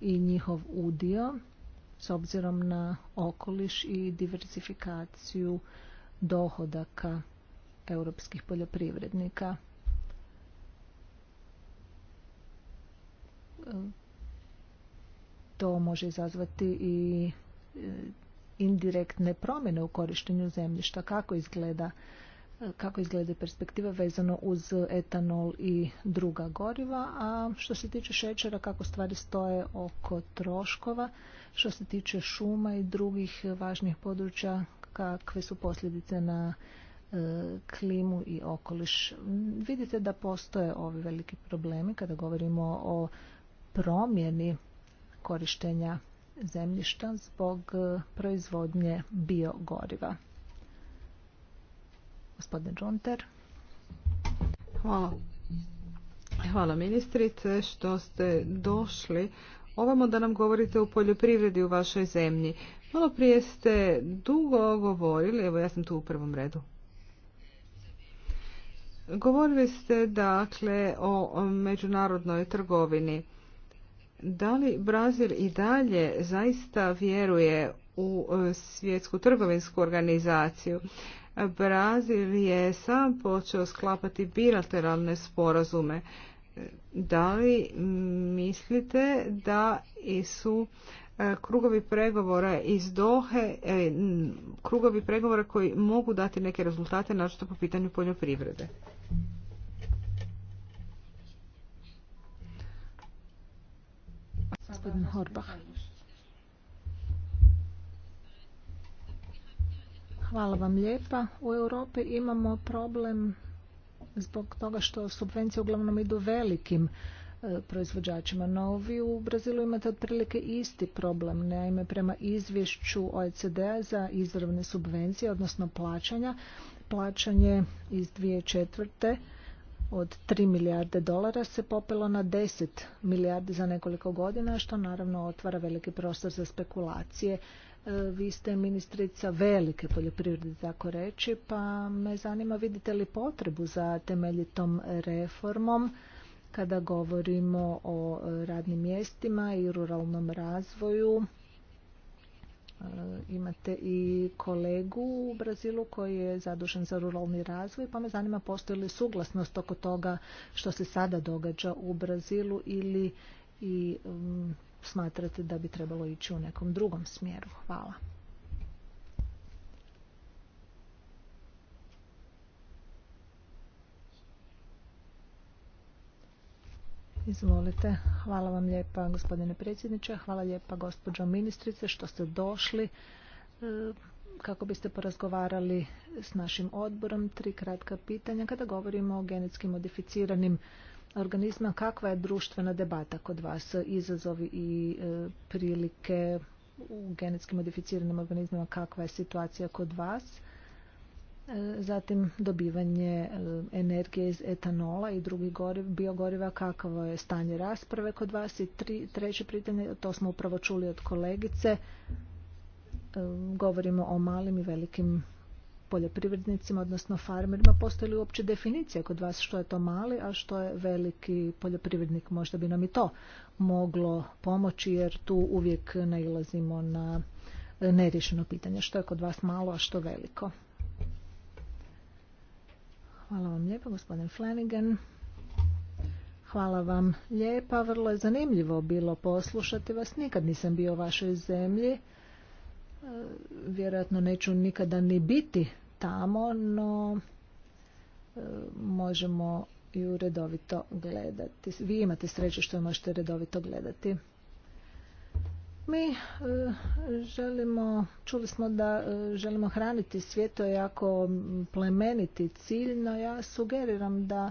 i njihov udio s obzirom na okoliš i diversifikaciju dohodaka europskih poljoprivrednika. to može izazvati i e, indirektne promjene u korištenju zemljišta kako izgleda e, kako izgleda perspektiva vezano uz etanol i druga goriva, a što se tiče šećera, kako stvari stoje oko troškova, što se tiče šuma i drugih važnih područja, kakve su posljedice na e, klimu i okoliš. Vidite da postoje ovi veliki problemi kada govorimo o promjeni korištenja zemljišta zbog e, proizvodnje biogoriva. Gospodin Džunter. Hvala. Hvala ministrice što ste došli ovamo da nam govorite o poljoprivredi u vašoj zemlji. Malo prije ste dugo govorili, evo ja sam tu u prvom redu. Govorili ste dakle o međunarodnoj trgovini. Da li Brazil i dalje zaista vjeruje u e, svjetsku trgovinsku organizaciju? Brazil je sam počeo sklapati bilateralne sporazume. Da li mislite da su e, krugovi pregovora iz Dohe, e, krugovi pregovora koji mogu dati neke rezultate, naročito po pitanju poljoprivrede? gospodin Hvala vam lijepa. U Europi imamo problem zbog toga što subvencije uglavnom idu velikim e, proizvođačima. No, vi u Brazilu imate otprilike isti problem. Naime, prema izvješću OECD-a za izravne subvencije, odnosno plaćanja, plaćanje iz dvije četvrte od 3 milijarde dolara se popelo na 10 milijardi za nekoliko godina, što naravno otvara veliki prostor za spekulacije. E, vi ste ministrica velike poljoprivrede, tako reći, pa me zanima vidite li potrebu za temeljitom reformom kada govorimo o e, radnim mjestima i ruralnom razvoju E, imate i kolegu u Brazilu koji je zadužen za ruralni razvoj, pa me zanima postoji li suglasnost oko toga što se sada događa u Brazilu ili i mm, smatrate da bi trebalo ići u nekom drugom smjeru. Hvala. Izvolite. Hvala vam lijepa gospodine predsjedniče, hvala lijepa gospođo ministrice što ste došli e, kako biste porazgovarali s našim odborom. Tri kratka pitanja kada govorimo o genetski modificiranim organizma, kakva je društvena debata kod vas, izazovi i e, prilike u genetski modificiranim organizmima, kakva je situacija kod vas E, zatim dobivanje e, energije iz etanola i drugih biogoriva, kakvo je stanje rasprave kod vas i tri, treće pitanje, to smo upravo čuli od kolegice, e, govorimo o malim i velikim poljoprivrednicima, odnosno farmerima, postoji li uopće definicija kod vas što je to mali, a što je veliki poljoprivrednik? Možda bi nam i to moglo pomoći, jer tu uvijek nailazimo na nerješeno pitanje. Što je kod vas malo, a što veliko? Hvala vam lijepo, gospodin Flanagan. Hvala vam lijepa, vrlo je zanimljivo bilo poslušati vas. Nikad nisam bio u vašoj zemlji. E, vjerojatno neću nikada ni biti tamo, no e, možemo ju redovito gledati. Vi imate sreće što ju možete redovito gledati. Mi e, želimo, čuli smo da e, želimo hraniti svijet, to je jako plemeniti cilj, no ja sugeriram da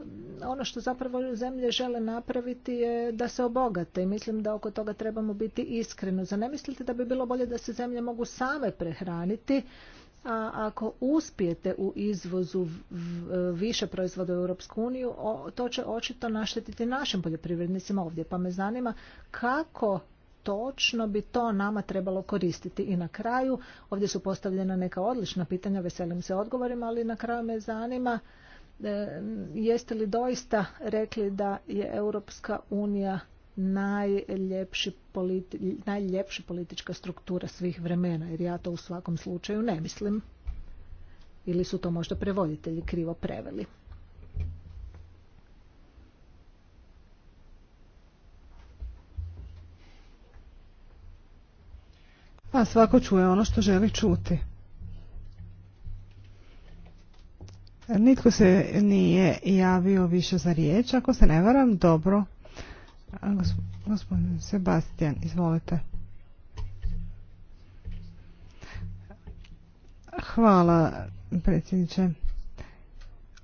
mm, ono što zapravo zemlje žele napraviti je da se obogate i mislim da oko toga trebamo biti iskreno. Za ne mislite da bi bilo bolje da se zemlje mogu same prehraniti, a ako uspijete u izvozu više proizvoda u Europsku uniju, to će očito naštetiti našim poljoprivrednicima ovdje. Pa me zanima kako točno bi to nama trebalo koristiti. I na kraju, ovdje su postavljena neka odlična pitanja, veselim se odgovorima, ali na kraju me zanima e, jeste li doista rekli da je Europska unija najljepši, politi, politička struktura svih vremena, jer ja to u svakom slučaju ne mislim. Ili su to možda prevoditelji krivo preveli. a pa, svako čuje ono što želi čuti. Nitko se nije javio više za riječ, ako se ne varam, dobro. Gospodin Sebastian, izvolite. Hvala, predsjedniče.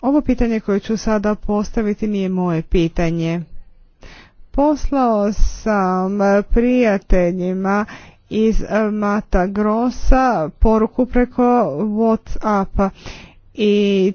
Ovo pitanje koje ću sada postaviti nije moje pitanje. Poslao sam prijateljima iz eh, Mata grossa poruku preko Whatsappa i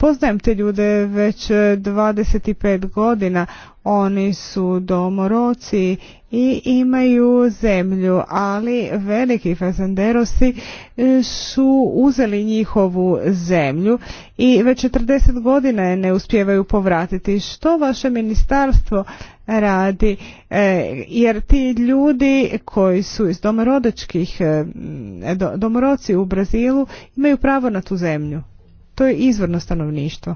Poznajem te ljude već 25 e, godina. Oni su domoroci i imaju zemlju, ali veliki fazenderosi e, su uzeli njihovu zemlju i već 40 godina je ne uspijevaju povratiti. Što vaše ministarstvo radi? E, jer ti ljudi koji su iz domorodačkih, domoroci u Brazilu imaju pravo na tu zemlju to je izvorno stanovništvo.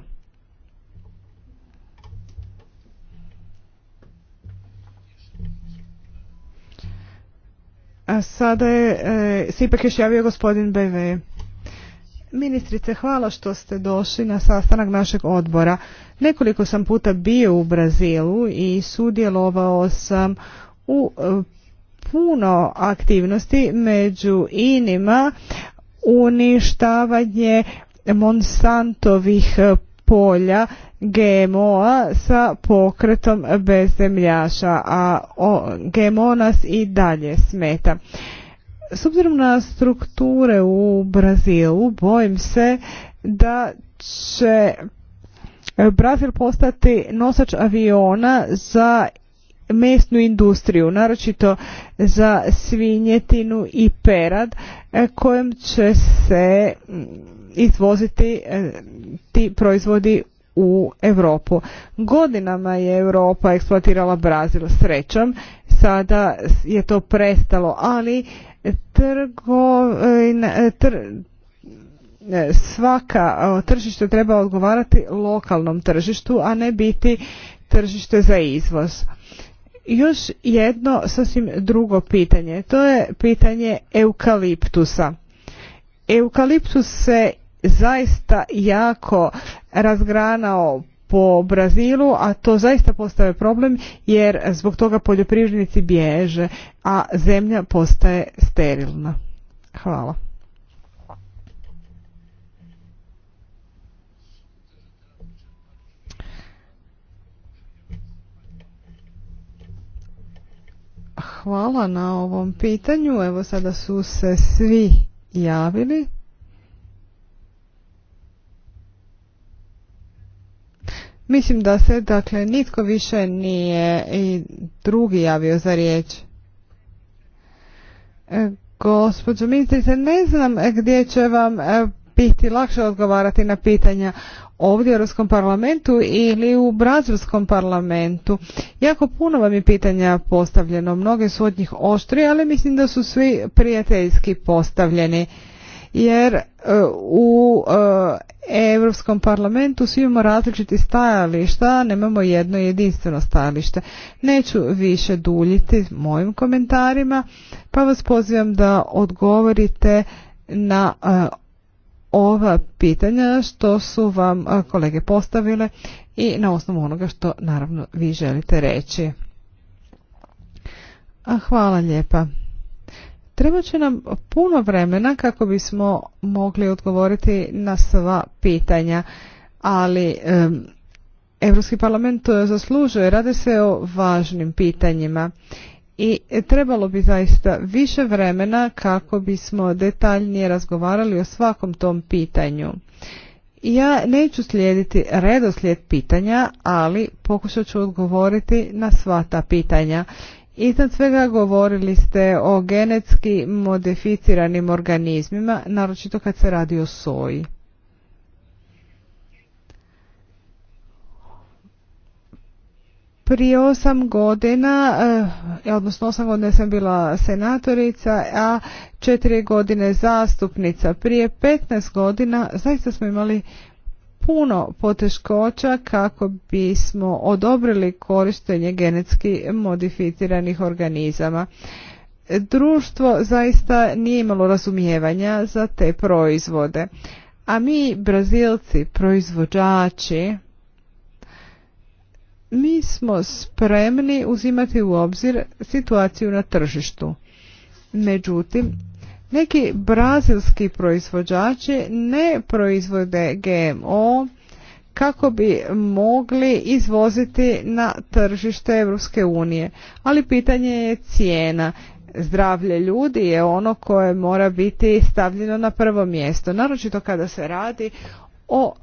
A sada je, e, se ipak još javio gospodin BV. Ministrice, hvala što ste došli na sastanak našeg odbora. Nekoliko sam puta bio u Brazilu i sudjelovao sam u e, puno aktivnosti među inima uništavanje Monsantovih e, polja GMO-a sa pokretom bezzemljaša, a GMO nas i dalje smeta. S obzirom na strukture u Brazilu, bojim se da će Brazil postati nosač aviona za mesnu industriju, naročito za svinjetinu i perad e, kojem će se izvoziti e, ti proizvodi u Europu. Godinama je Europa eksploatirala Brazil srećom, sada je to prestalo, ali trgo, e, tr, svaka tržište treba odgovarati lokalnom tržištu, a ne biti tržište za izvoz. Još jedno sasvim drugo pitanje, to je pitanje eukaliptusa. Eukaliptus se zaista jako razgranao po Brazilu, a to zaista postaje problem jer zbog toga poljoprivrednici bježe, a zemlja postaje sterilna. Hvala. Hvala na ovom pitanju. Evo sada su se svi javili. Mislim da se dakle nitko više nije i drugi javio za riječ. E, gospođo ministrice, ne znam gdje će vam e, biti lakše odgovarati na pitanja ovdje u Europskom parlamentu ili u Brazilskom parlamentu. Jako puno vam je pitanja postavljeno, mnoge su od njih oštri, ali mislim da su svi prijateljski postavljeni. Jer e, u e, Europskom parlamentu svi imamo različiti stajališta, nemamo jedno jedinstveno stajalište. Neću više duljiti mojim komentarima, pa vas pozivam da odgovorite na e, ova pitanja što su vam kolege postavile i na osnovu onoga što naravno vi želite reći. Hvala lijepa. Treba će nam puno vremena kako bismo mogli odgovoriti na sva pitanja, ali Europski parlament e, zaslužuje, radi se o važnim pitanjima i trebalo bi zaista više vremena kako bismo detaljnije razgovarali o svakom tom pitanju. Ja neću slijediti redoslijed pitanja, ali pokušat ću odgovoriti na sva ta pitanja. Iznad svega govorili ste o genetski modificiranim organizmima, naročito kad se radi o soji. Prije osam godina, eh, odnosno osam godina sam bila senatorica, a četiri godine zastupnica. Prije petnaest godina zaista smo imali puno poteškoća kako bismo odobrili korištenje genetski modificiranih organizama. Društvo zaista nije imalo razumijevanja za te proizvode. A mi, Brazilci, proizvođači, mi smo spremni uzimati u obzir situaciju na tržištu. Međutim, neki brazilski proizvođači ne proizvode GMO kako bi mogli izvoziti na tržište Europske unije. Ali pitanje je cijena. Zdravlje ljudi je ono koje mora biti stavljeno na prvo mjesto, naročito kada se radi o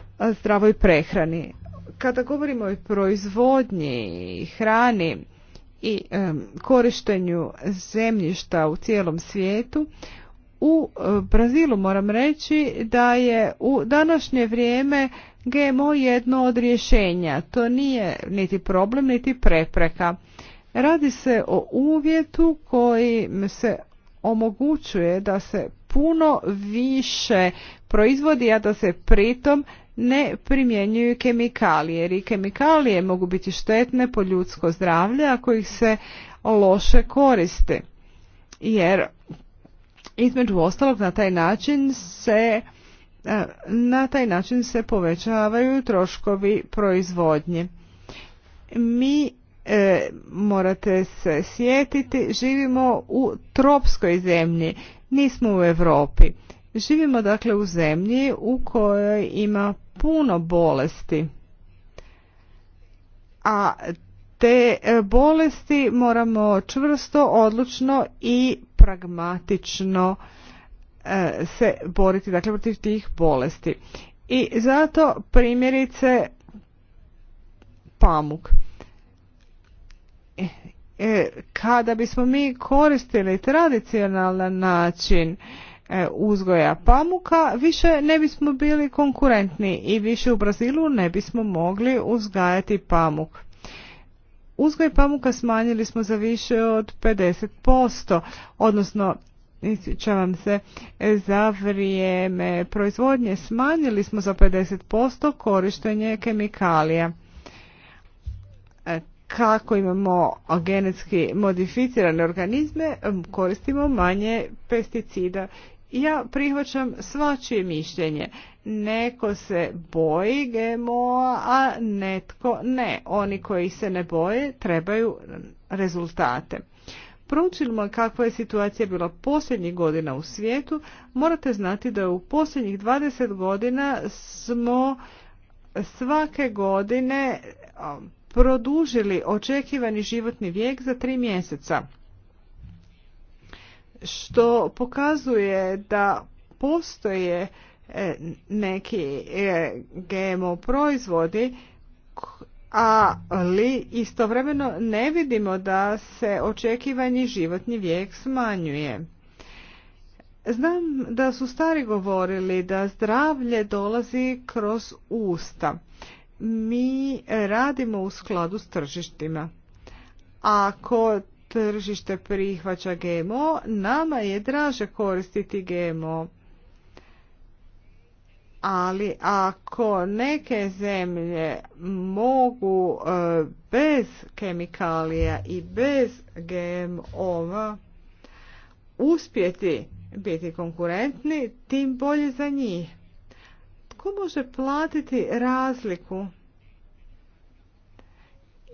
zdravoj prehrani. Kada govorimo o proizvodnji, hrani i korištenju zemljišta u cijelom svijetu, u e, Brazilu moram reći da je u današnje vrijeme GMO jedno od rješenja. To nije niti problem, niti prepreka. Radi se o uvjetu koji se omogućuje da se puno više proizvodi, a da se pritom ne primjenjuju kemikalije jer i kemikalije mogu biti štetne po ljudsko zdravlje ako ih se loše koriste jer između ostalog na taj način se e, na taj način se povećavaju troškovi proizvodnje. Mi e, morate se sjetiti, živimo u tropskoj zemlji, nismo u Europi. Živimo dakle u zemlji u kojoj ima puno bolesti, a te e, bolesti moramo čvrsto, odlučno i pragmatično e, se boriti dakle, protiv tih bolesti. I zato primjerice pamuk. E, kada bismo mi koristili tradicionalan način E, uzgoja pamuka, više ne bismo bili konkurentni i više u Brazilu ne bismo mogli uzgajati pamuk. Uzgoj pamuka smanjili smo za više od 50%, odnosno vam se, za vrijeme proizvodnje smanjili smo za 50% korištenje kemikalija. E, kako imamo genetski modificirane organizme, koristimo manje pesticida. Ja prihvaćam svačije mišljenje. Neko se boji GMO, a netko ne. Oni koji se ne boje trebaju rezultate. Proučimo kakva je situacija bila posljednjih godina u svijetu. Morate znati da u posljednjih 20 godina smo svake godine produžili očekivani životni vijek za tri mjeseca. Što pokazuje da postoje e, neki e, GMO proizvodi, ali istovremeno ne vidimo da se očekivani životni vijek smanjuje. Znam da su stari govorili da zdravlje dolazi kroz usta mi radimo u skladu s tržištima. Ako tržište prihvaća GMO, nama je draže koristiti GMO. Ali ako neke zemlje mogu e, bez kemikalija i bez GMO-a uspjeti biti konkurentni, tim bolje za njih. Tko može platiti razliku?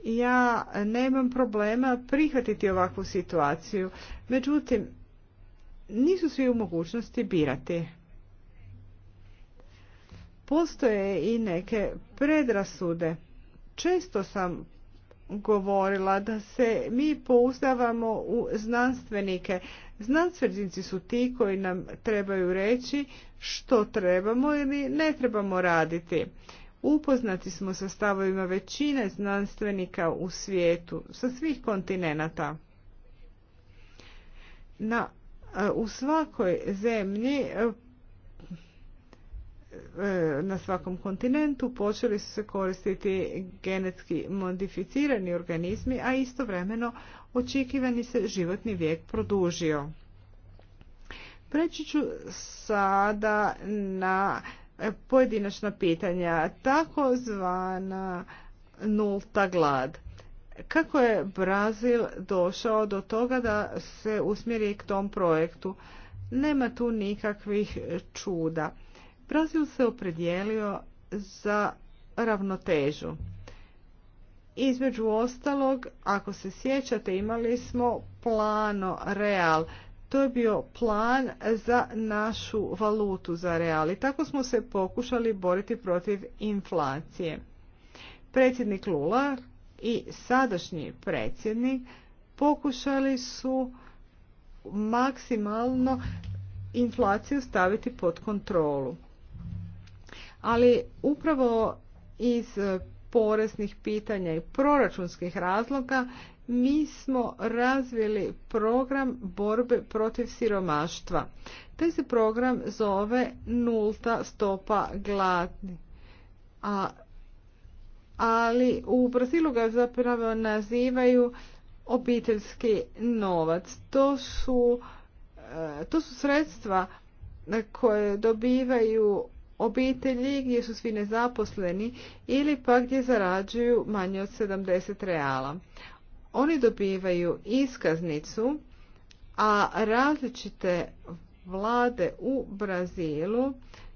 Ja nemam problema prihvatiti ovakvu situaciju. Međutim, nisu svi u mogućnosti birati. Postoje i neke predrasude. Često sam govorila da se mi pouzdavamo u znanstvenike Znanstvenici su ti koji nam trebaju reći što trebamo ili ne trebamo raditi. Upoznati smo sa stavovima većine znanstvenika u svijetu, sa svih kontinenata. Na, e, u svakoj zemlji, e, e, na svakom kontinentu počeli su se koristiti genetski modificirani organizmi, a istovremeno očekivani se životni vijek produžio. Preći ću sada na pojedinačna pitanja, tako zvana nulta glad. Kako je Brazil došao do toga da se usmjeri k tom projektu? Nema tu nikakvih čuda. Brazil se opredijelio za ravnotežu. Između ostalog, ako se sjećate, imali smo plano real. To je bio plan za našu valutu za real i tako smo se pokušali boriti protiv inflacije. Predsjednik Lula i sadašnji predsjednik pokušali su maksimalno inflaciju staviti pod kontrolu. Ali upravo iz poreznih pitanja i proračunskih razloga mi smo razvili program borbe protiv siromaštva. Taj se program zove nulta stopa gladni. A, ali u Brazilu ga zapravo nazivaju obiteljski novac. To su, e, to su sredstva e, koje dobivaju obitelji gdje su svi nezaposleni ili pak gdje zarađuju manje od 70 reala. Oni dobivaju iskaznicu, a različite vlade u Brazilu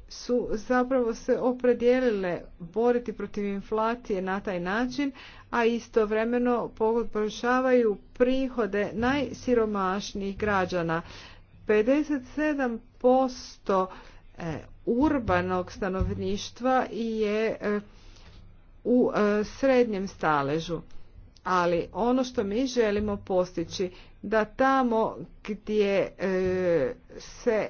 su zapravo se opredijelile boriti protiv inflacije na taj način, a istovremeno poboljšavaju prihode najsiromašnijih građana. 57% urbanog stanovništva je e, u e, srednjem staležu. Ali ono što mi želimo postići da tamo gdje e, se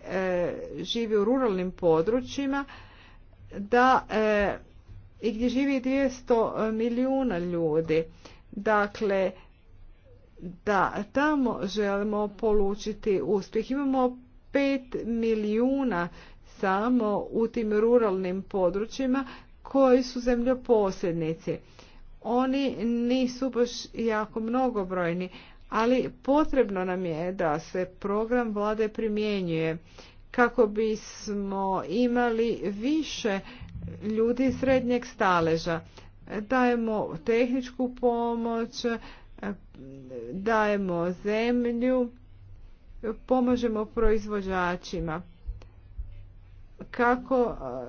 živi u ruralnim područjima da i gdje živi 200 milijuna ljudi. Dakle, da tamo želimo polučiti uspjeh. Imamo 5 milijuna samo u tim ruralnim područjima koji su zemljoposjednici. Oni nisu baš jako mnogobrojni, ali potrebno nam je da se program vlade primjenjuje kako bismo imali više ljudi srednjeg staleža. Dajemo tehničku pomoć, dajemo zemlju, pomažemo proizvođačima, kako e,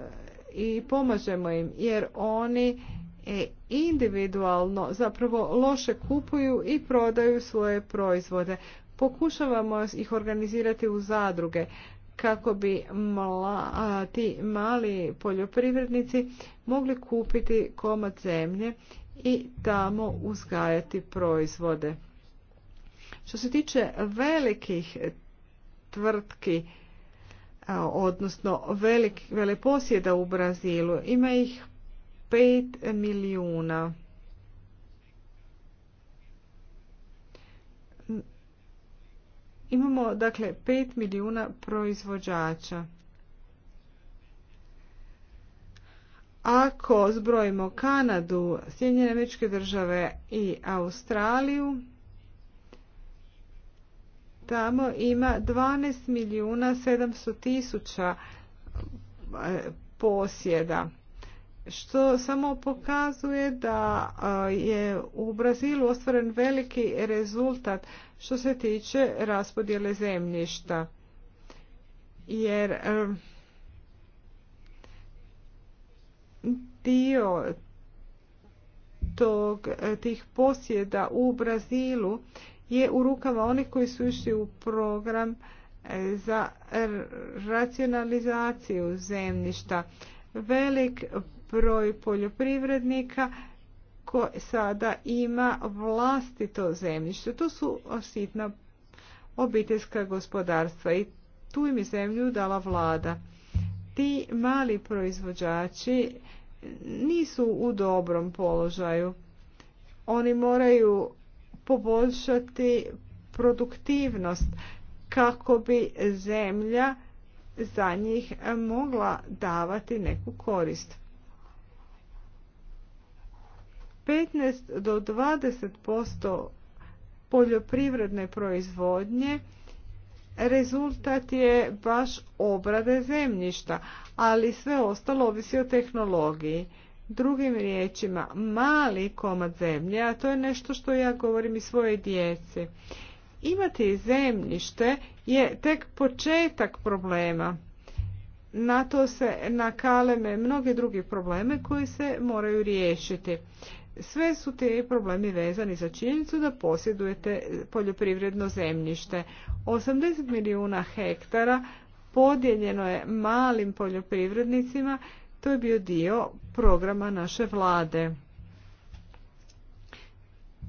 i pomažemo im jer oni e, individualno zapravo loše kupuju i prodaju svoje proizvode. Pokušavamo ih organizirati u zadruge kako bi ti mali poljoprivrednici mogli kupiti komad zemlje i tamo uzgajati proizvode. Što se tiče velikih tvrtki odnosno velik, posjeda u Brazilu. Ima ih 5 milijuna. Imamo dakle 5 milijuna proizvođača. Ako zbrojimo Kanadu, Sjedinjene američke države i Australiju, tamo ima 12 milijuna 700 tisuća e, posjeda. Što samo pokazuje da e, je u Brazilu ostvaren veliki rezultat što se tiče raspodjele zemljišta. Jer e, dio tog, tih posjeda u Brazilu je u rukama onih koji su išli u program e, za racionalizaciju zemljišta. Velik broj poljoprivrednika koji sada ima vlastito zemljište. To su sitna obiteljska gospodarstva i tu im je zemlju dala vlada. Ti mali proizvođači nisu u dobrom položaju. Oni moraju poboljšati produktivnost kako bi zemlja za njih mogla davati neku korist. 15 do 20% poljoprivredne proizvodnje rezultat je baš obrade zemljišta, ali sve ostalo ovisi o tehnologiji. Drugim riječima, mali komad zemlje, a to je nešto što ja govorim i svoje djeci. Imati zemljište je tek početak problema. Na to se nakaleme mnoge druge probleme koji se moraju riješiti. Sve su ti problemi vezani za činjenicu da posjedujete poljoprivredno zemljište. 80 milijuna hektara podijeljeno je malim poljoprivrednicima to je bio dio programa naše vlade.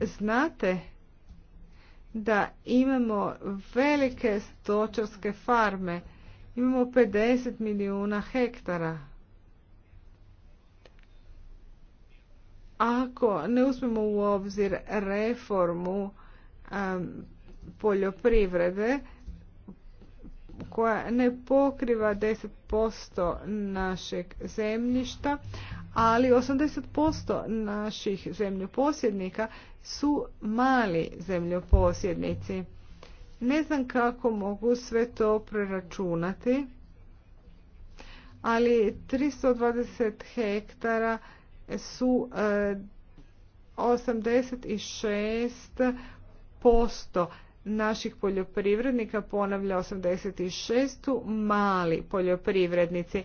Znate da imamo velike stočarske farme, imamo 50 milijuna hektara. Ako ne uzmemo u obzir reformu poljoprivrede, koja ne pokriva 10% našeg zemljišta, ali 80% naših zemljoposjednika su mali zemljoposjednici. Ne znam kako mogu sve to preračunati, ali 320 hektara su 86% e, naših poljoprivrednika ponavlja 86. mali poljoprivrednici.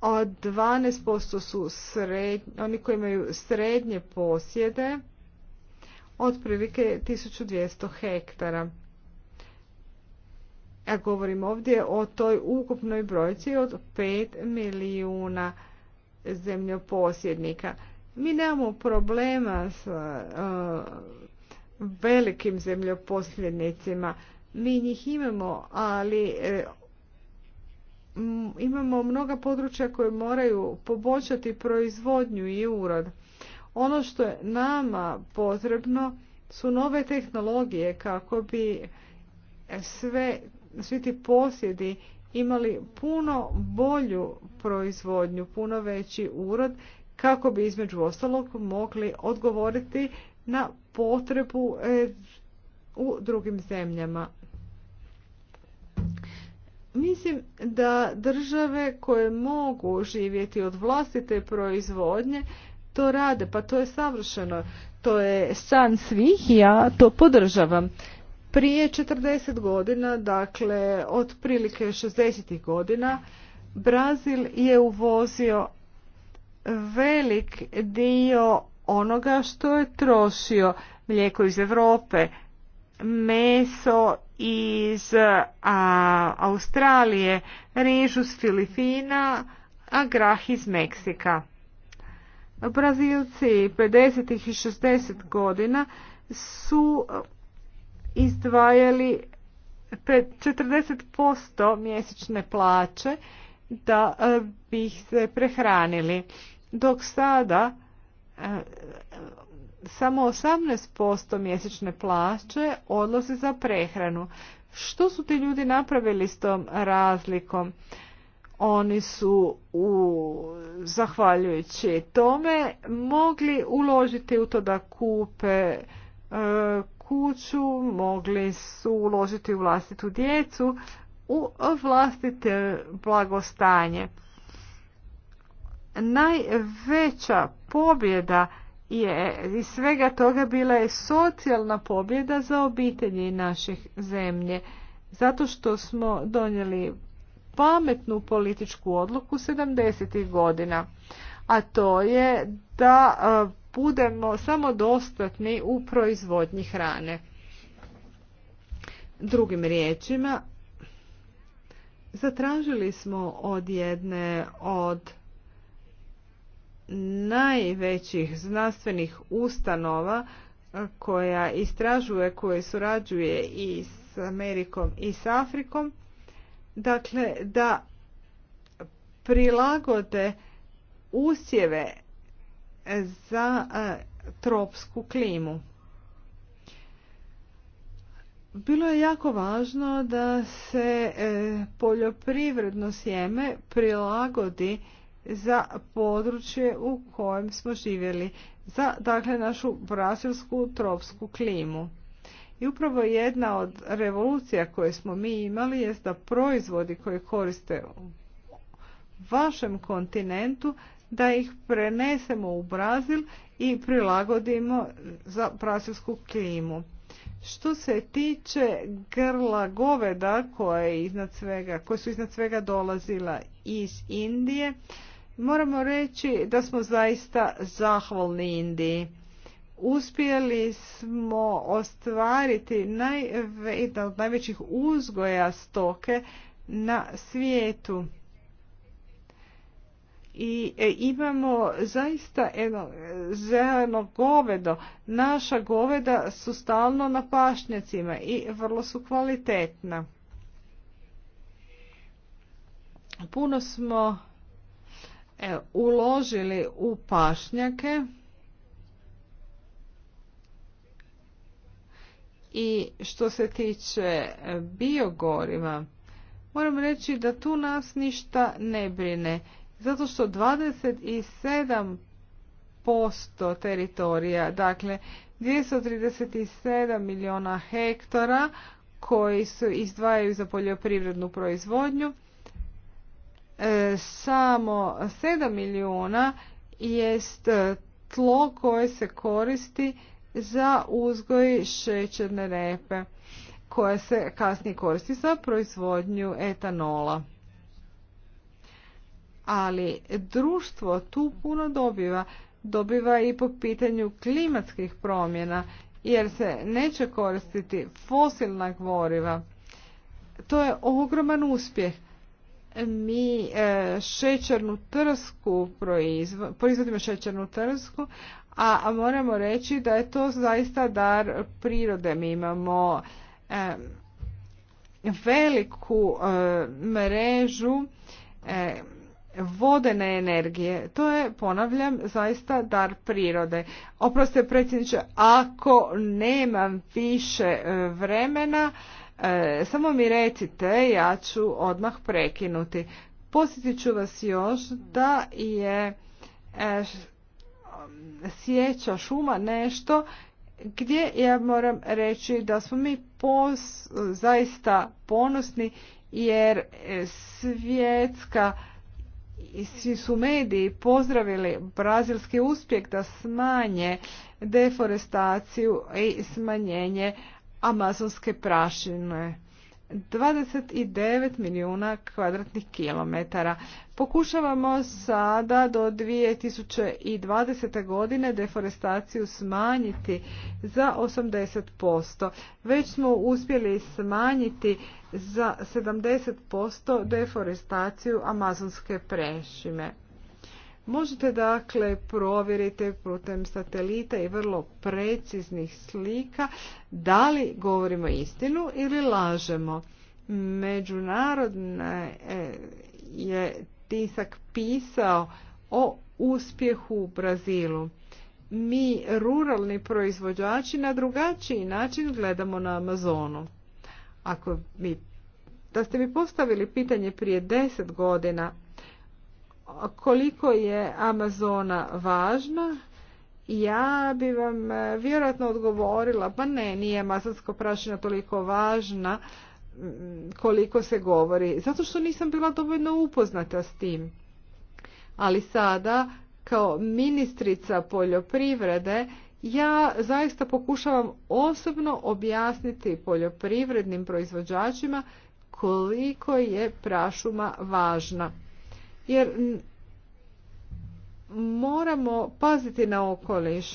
Od 12% su srednji, oni koji imaju srednje posjede, otprilike 1200 hektara. Ja govorim ovdje o toj ukupnoj brojci od 5 milijuna zemljoposjednika. Mi nemamo problema s velikim zemljoposljednicima. Mi njih imamo, ali e, imamo mnoga područja koje moraju poboljšati proizvodnju i urod. Ono što je nama potrebno su nove tehnologije kako bi sve, svi ti posjedi imali puno bolju proizvodnju, puno veći urod kako bi između ostalog mogli odgovoriti na potrebu e, u drugim zemljama. Mislim da države koje mogu živjeti od vlastite proizvodnje to rade, pa to je savršeno. To je san svih i ja to podržavam. Prije 40 godina, dakle otprilike 60. godina, Brazil je uvozio velik dio onoga što je trošio mlijeko iz Europe, meso iz Australije, rižu s Filipina, a grah iz Meksika. Brazilci 50. i 60. godina su izdvajali 40% mjesečne plaće da bi se prehranili, dok sada E, samo 18% mjesečne plaće odlazi za prehranu. Što su ti ljudi napravili s tom razlikom? Oni su, u, zahvaljujući tome, mogli uložiti u to da kupe e, kuću, mogli su uložiti u vlastitu djecu, u vlastite blagostanje. Najveća pobjeda je iz svega toga bila je socijalna pobjeda za obitelji naše zemlje. Zato što smo donijeli pametnu političku odluku 70. godina, a to je da budemo samodostatni u proizvodnji hrane. Drugim riječima, zatražili smo od jedne od najvećih znanstvenih ustanova koja istražuje, koje surađuje i s Amerikom i s Afrikom, dakle da prilagode usjeve za tropsku klimu. Bilo je jako važno da se e, poljoprivredno sjeme prilagodi za područje u kojem smo živjeli, za dakle našu brazilsku tropsku klimu. I upravo jedna od revolucija koje smo mi imali je da proizvodi koje koriste u vašem kontinentu da ih prenesemo u Brazil i prilagodimo za brazilsku klimu. Što se tiče grla goveda koje, iznad svega, koje su iznad svega dolazila iz Indije, Moramo reći da smo zaista zahvalni Indiji. Uspjeli smo ostvariti jedan od najvećih uzgoja stoke na svijetu. I e, imamo zaista jedno zeleno govedo. Naša goveda su stalno na pašnjacima i vrlo su kvalitetna. Puno smo E, uložili u pašnjake i što se tiče e, biogoriva moram reći da tu nas ništa ne brine zato što 27% teritorija dakle 237 miliona hektara koji se izdvajaju za poljoprivrednu proizvodnju E, samo 7 milijuna jest e, tlo koje se koristi za uzgoj šećerne repe koja se kasnije koristi za proizvodnju etanola. Ali društvo tu puno dobiva. Dobiva i po pitanju klimatskih promjena jer se neće koristiti fosilna gvoriva. To je ogroman uspjeh mi e, šećernu trsku proizvodimo šećernu trsku, a moramo reći da je to zaista dar prirode. Mi imamo e, veliku e, mrežu vodene energije. To je, ponavljam, zaista dar prirode. Oprostite, predsjedniče, ako nemam više vremena, E, samo mi recite, ja ću odmah prekinuti. Posjetit ću vas još da je e, sjeća šuma nešto gdje ja moram reći da smo mi pos, zaista ponosni jer e, svjetska svi su mediji pozdravili brazilski uspjeh da smanje deforestaciju i smanjenje amazonske prašine. 29 milijuna kvadratnih kilometara. Pokušavamo sada do 2020. godine deforestaciju smanjiti za 80%. Već smo uspjeli smanjiti za 70% deforestaciju amazonske prešime. Možete dakle provjeriti putem satelita i vrlo preciznih slika da li govorimo istinu ili lažemo. Međunarodna e, je tisak pisao o uspjehu u Brazilu. Mi ruralni proizvođači na drugačiji način gledamo na Amazonu. Ako mi da ste mi postavili pitanje prije deset godina koliko je Amazona važna, ja bi vam e, vjerojatno odgovorila, pa ne, nije amazonska prašina toliko važna mm, koliko se govori, zato što nisam bila dovoljno upoznata s tim. Ali sada, kao ministrica poljoprivrede, ja zaista pokušavam osobno objasniti poljoprivrednim proizvođačima koliko je prašuma važna jer moramo paziti na okoliš.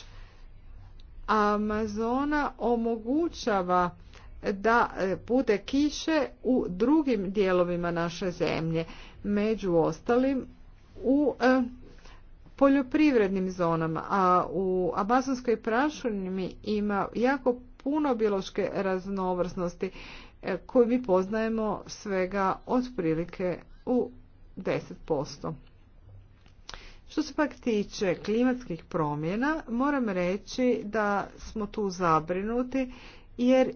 Amazona omogućava da bude kiše u drugim dijelovima naše zemlje, među ostalim u e, poljoprivrednim zonama, a u Amazonskoj prašunimi ima jako puno biološke raznovrsnosti e, koju mi poznajemo svega otprilike u 10%. Što se pak tiče klimatskih promjena, moram reći da smo tu zabrinuti jer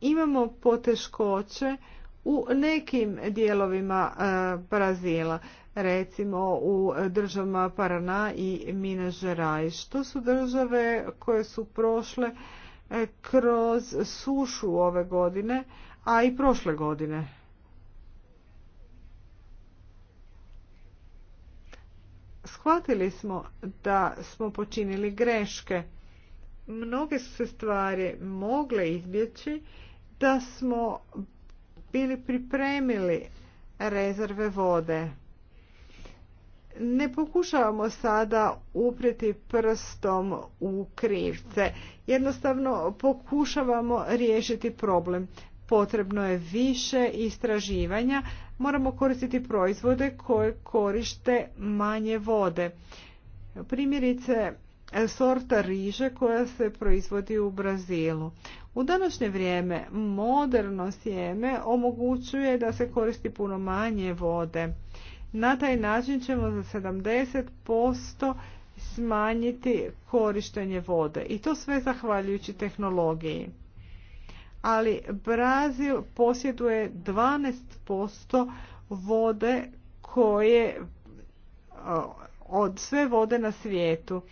imamo poteškoće u nekim dijelovima e, Brazila, recimo u državama Parana i Minas Gerais. To su države koje su prošle e, kroz sušu ove godine, a i prošle godine. Shvatili smo da smo počinili greške. Mnoge su se stvari mogle izbjeći da smo bili pripremili rezerve vode. Ne pokušavamo sada upriti prstom u krivce. Jednostavno pokušavamo riješiti problem potrebno je više istraživanja, moramo koristiti proizvode koje korište manje vode. Primjerice, sorta riže koja se proizvodi u Brazilu. U današnje vrijeme moderno sjeme omogućuje da se koristi puno manje vode. Na taj način ćemo za 70% smanjiti korištenje vode i to sve zahvaljujući tehnologiji ali Brazil posjeduje 12% vode koje od sve vode na svijetu.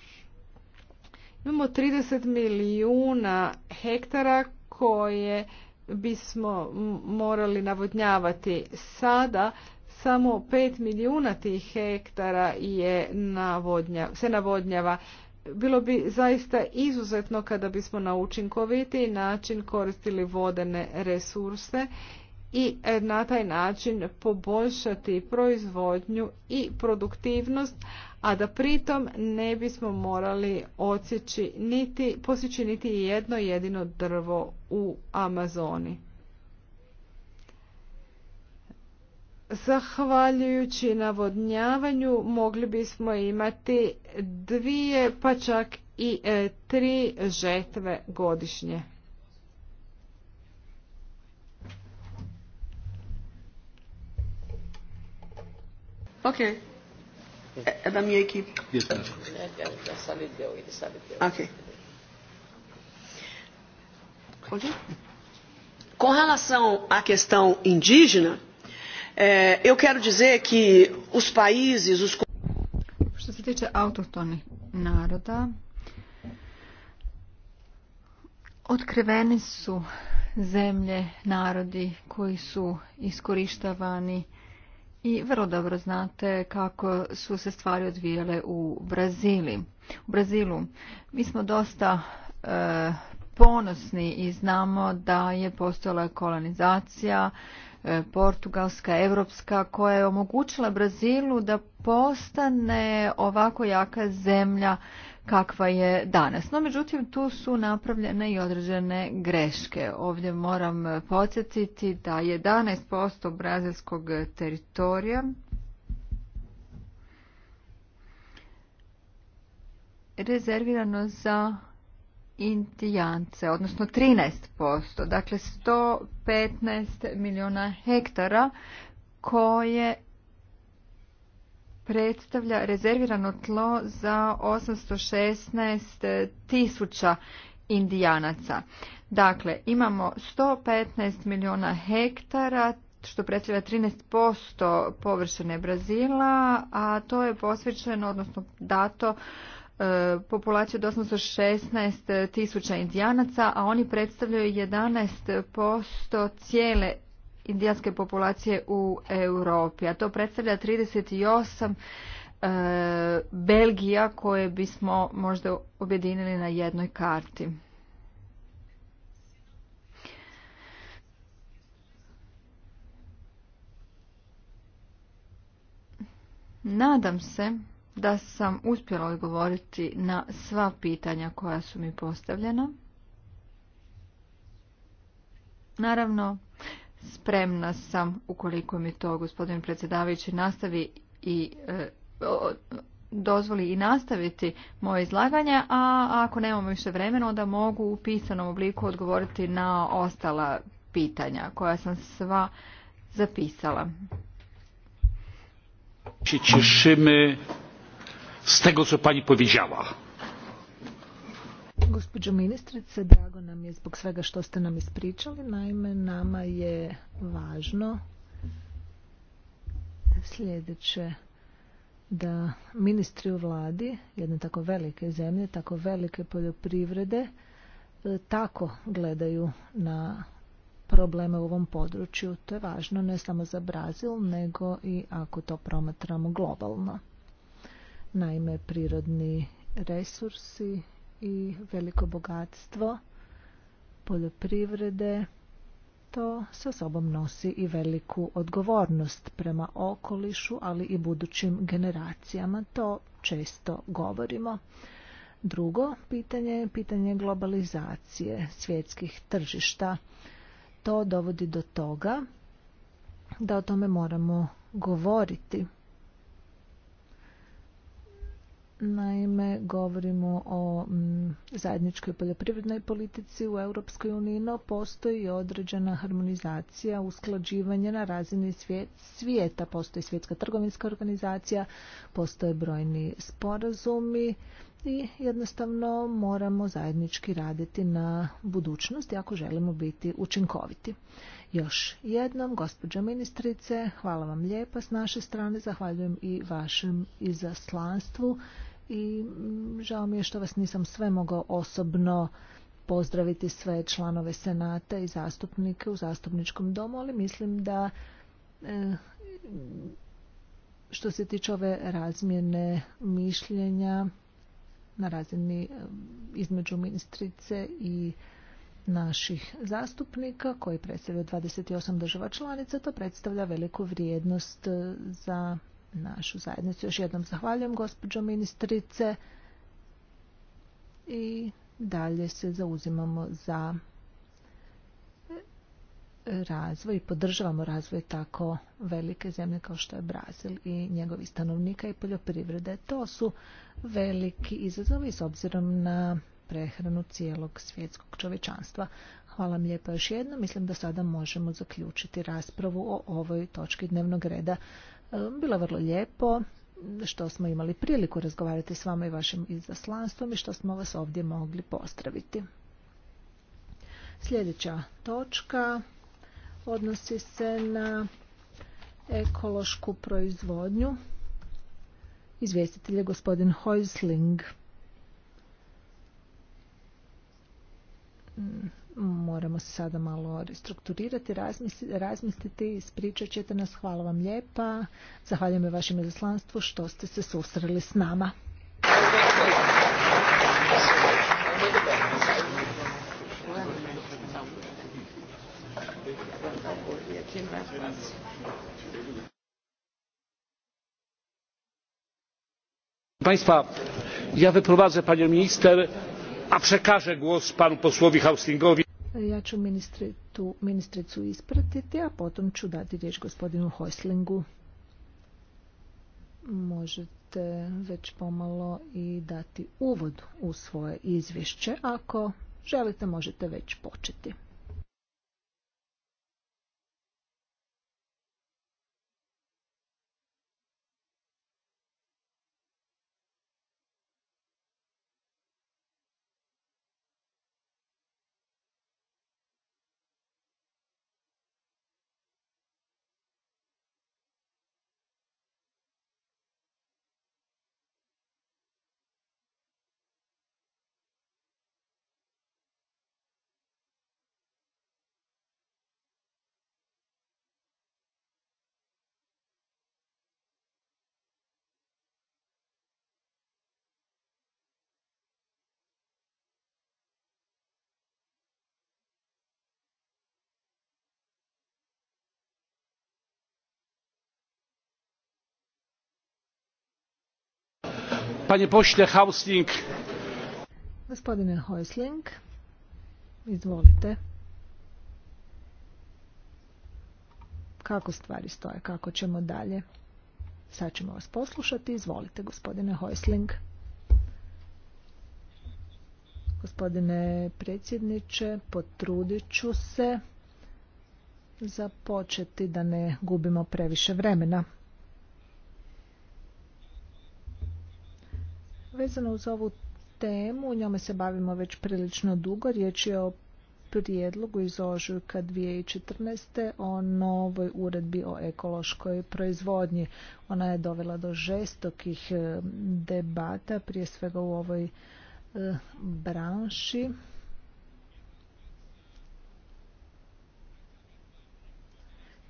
Imamo 30 milijuna hektara koje bismo morali navodnjavati. Sada samo 5 milijuna tih hektara je se navodnjava bilo bi zaista izuzetno kada bismo na učinkovitiji način koristili vodene resurse i na taj način poboljšati proizvodnju i produktivnost, a da pritom ne bismo morali odsjeći niti, posjeći niti jedno jedino drvo u Amazoni. Zahvaljujući navodnjavanju mogli bismo imati dvije pa čak i e, tri žetve godišnje. Ok. E, e, mi je ekip. Ok. Com relação à questão indígena, Eh, eu quero dizer que os países os što se tiče autohtonih naroda otkriveni su zemlje narodi koji su iskorištavani i vrlo dobro znate kako su se stvari odvijale u Brazili. U Brazilu mi smo dosta eh, ponosni i znamo da je postojala kolonizacija E, portugalska, evropska, koja je omogućila Brazilu da postane ovako jaka zemlja kakva je danas. No, međutim, tu su napravljene i određene greške. Ovdje moram podsjetiti da 11% brazilskog teritorija rezervirano za Indijance, odnosno 13%, dakle 115 milijuna hektara koje predstavlja rezervirano tlo za 816 tisuća indijanaca. Dakle, imamo 115 milijuna hektara, što predstavlja 13% površine Brazila, a to je posvećeno, odnosno dato E, populaciju od 816 tisuća indijanaca, a oni predstavljaju 11% cijele indijanske populacije u Europi, a to predstavlja 38 e, Belgija koje bismo možda objedinili na jednoj karti. Nadam se da sam uspjela odgovoriti na sva pitanja koja su mi postavljena. Naravno, spremna sam, ukoliko mi to gospodin predsjedavajući nastavi i e, dozvoli i nastaviti moje izlaganje, a ako nemamo više vremena, onda mogu u pisanom obliku odgovoriti na ostala pitanja koja sam sva zapisala z tego co pani powiedziała. Gospođo ministrice, drago nam je zbog svega što ste nam ispričali. Naime, nama je važno sljedeće da ministri u vladi jedne tako velike zemlje, tako velike poljoprivrede, e, tako gledaju na probleme u ovom području. To je važno ne samo za Brazil, nego i ako to promatramo globalno naime prirodni resursi i veliko bogatstvo poljoprivrede to sa sobom nosi i veliku odgovornost prema okolišu, ali i budućim generacijama. To često govorimo. Drugo pitanje je pitanje globalizacije svjetskih tržišta. To dovodi do toga da o tome moramo govoriti. Naime, govorimo o mm, zajedničkoj poljoprivrednoj politici u Europskoj uniji, no postoji određena harmonizacija, usklađivanje na razini svijeta. Postoji svjetska trgovinska organizacija, postoje brojni sporazumi i jednostavno moramo zajednički raditi na budućnosti ako želimo biti učinkoviti. Još jednom, gospođo ministrice, hvala vam lijepa s naše strane, zahvaljujem i vašem izaslanstvu i mm, žao mi je što vas nisam sve mogao osobno pozdraviti sve članove Senata i zastupnike u zastupničkom domu, ali mislim da e, što se tiče ove razmjene mišljenja na razini e, između ministrice i naših zastupnika koji predstavlja 28 država članica. To predstavlja veliku vrijednost e, za našu zajednicu. Još jednom zahvaljujem gospođo ministrice i dalje se zauzimamo za razvoj i podržavamo razvoj tako velike zemlje kao što je Brazil i njegovi stanovnika i poljoprivrede. To su veliki izazovi s obzirom na prehranu cijelog svjetskog čovečanstva. Hvala vam lijepo još jedno. Mislim da sada možemo zaključiti raspravu o ovoj točki dnevnog reda. E, bilo je vrlo lijepo što smo imali priliku razgovarati s vama i vašim izaslanstvom i što smo vas ovdje mogli postraviti. Sljedeća točka odnosi se na ekološku proizvodnju. Izvjestitelj gospodin Hojsling. moramo se sada malo restrukturirati, razmisliti, ispričat ćete nas. Hvala vam lijepa. Zahvaljujem i vašem izaslanstvu što ste se susreli s nama. Państwa, ja wyprowadzę panią minister a przekażę głos panu posłowi Hauslingowi. Ja ću ministricu ispratiti, a potom ću dati riječ gospodinu Hoslingu. Možete već pomalo i dati uvod u svoje izvješće. Ako želite, možete već početi. Panie pośle Hausling. Gospodine Hausling, izvolite. Kako stvari stoje, kako ćemo dalje? Sad ćemo vas poslušati. Izvolite, gospodine Hojsling. Gospodine predsjedniče, potrudit ću se započeti da ne gubimo previše vremena. Vezano uz ovu temu, njome se bavimo već prilično dugo, riječ je o prijedlogu iz ožujka 2014. o novoj uredbi o ekološkoj proizvodnji. Ona je dovela do žestokih e, debata, prije svega u ovoj e, branši.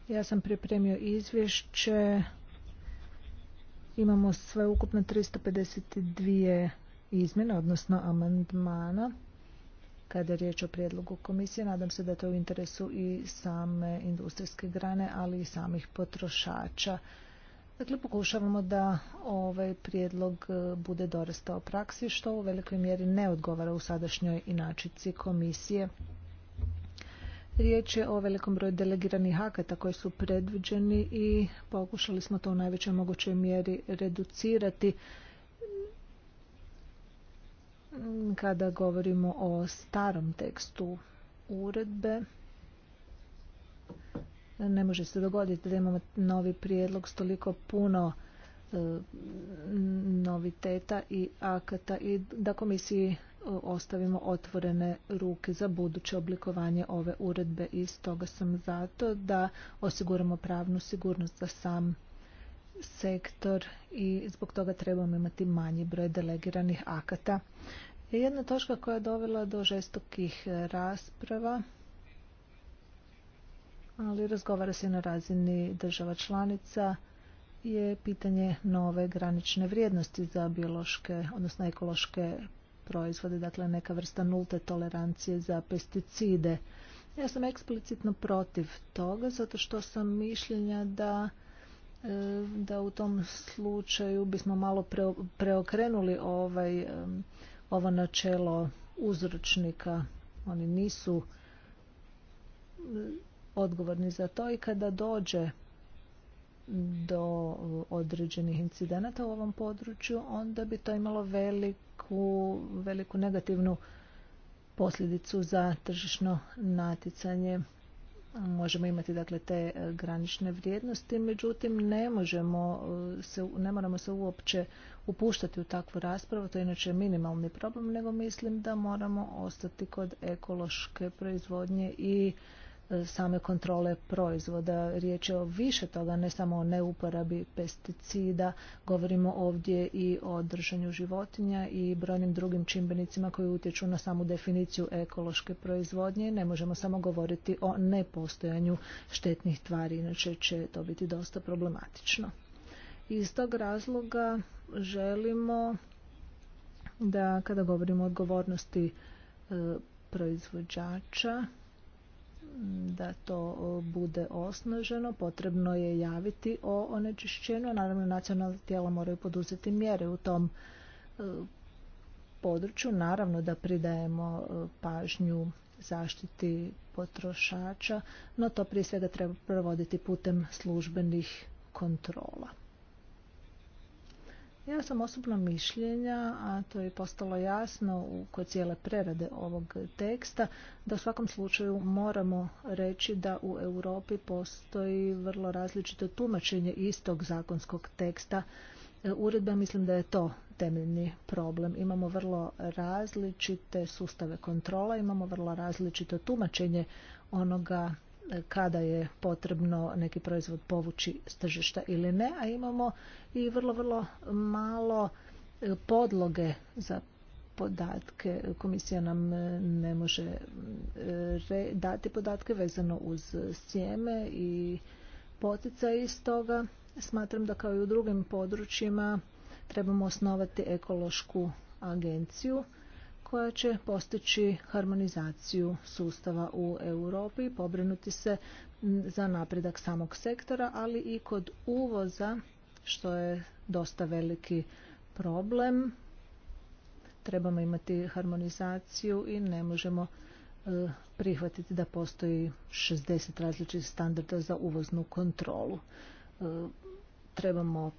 Ja sam pripremio izvješće Imamo sve ukupno 352 izmjene, odnosno amandmana kada je riječ o prijedlogu komisije. Nadam se da je to u interesu i same industrijske grane, ali i samih potrošača. Dakle, pokušavamo da ovaj prijedlog e, bude dorastao praksi, što u velikoj mjeri ne odgovara u sadašnjoj inačici komisije Riječ je o velikom broju delegiranih akata koji su predviđeni i pokušali smo to u najvećoj mogućoj mjeri reducirati kada govorimo o starom tekstu uredbe. Ne može se dogoditi da imamo novi prijedlog s toliko puno e, noviteta i akata i da komisiji ostavimo otvorene ruke za buduće oblikovanje ove uredbe i stoga sam zato da osiguramo pravnu sigurnost za sam sektor i zbog toga trebamo imati manji broj delegiranih akata. Jedna točka koja je dovela do žestokih rasprava, ali razgovara se na razini država članica, je pitanje nove granične vrijednosti za biološke, odnosno ekološke proizvode, dakle neka vrsta nulte tolerancije za pesticide. Ja sam eksplicitno protiv toga zato što sam mišljenja da e, da u tom slučaju bismo malo preokrenuli ovaj, e, ovo načelo uzročnika. Oni nisu e, odgovorni za to i kada dođe do određenih incidenata u ovom području, onda bi to imalo veliku, veliku negativnu posljedicu za tržišno natjecanje. Možemo imati dakle te e, granične vrijednosti, međutim ne možemo e, se, ne moramo se uopće upuštati u takvu raspravu, to je inače minimalni problem, nego mislim da moramo ostati kod ekološke proizvodnje i E, same kontrole proizvoda. Riječ je o više toga, ne samo o neuporabi pesticida, govorimo ovdje i o držanju životinja i brojnim drugim čimbenicima koji utječu na samu definiciju ekološke proizvodnje. Ne možemo samo govoriti o nepostojanju štetnih tvari, inače će to biti dosta problematično. Iz tog razloga želimo da kada govorimo o odgovornosti e, proizvođača, da to bude osnaženo, potrebno je javiti o onečišćenju, a naravno nacionalna tijela moraju poduzeti mjere u tom e, području. Naravno da pridajemo e, pažnju zaštiti potrošača, no to prije svega treba provoditi putem službenih kontrola. Ja sam osobno mišljenja, a to je postalo jasno kod cijele prerade ovog teksta, da u svakom slučaju moramo reći da u Europi postoji vrlo različito tumačenje istog zakonskog teksta e, uredba, mislim da je to temeljni problem. Imamo vrlo različite sustave kontrola, imamo vrlo različito tumačenje onoga E, kada je potrebno neki proizvod povući s tržišta ili ne, a imamo i vrlo, vrlo malo e, podloge za podatke. Komisija nam e, ne može dati podatke vezano uz sjeme i potica iz toga. Smatram da kao i u drugim područjima trebamo osnovati ekološku agenciju koja će postići harmonizaciju sustava u Europi pobrinuti se za napredak samog sektora, ali i kod uvoza, što je dosta veliki problem. Trebamo imati harmonizaciju i ne možemo e, prihvatiti da postoji 60 različitih standarda za uvoznu kontrolu. E, trebamo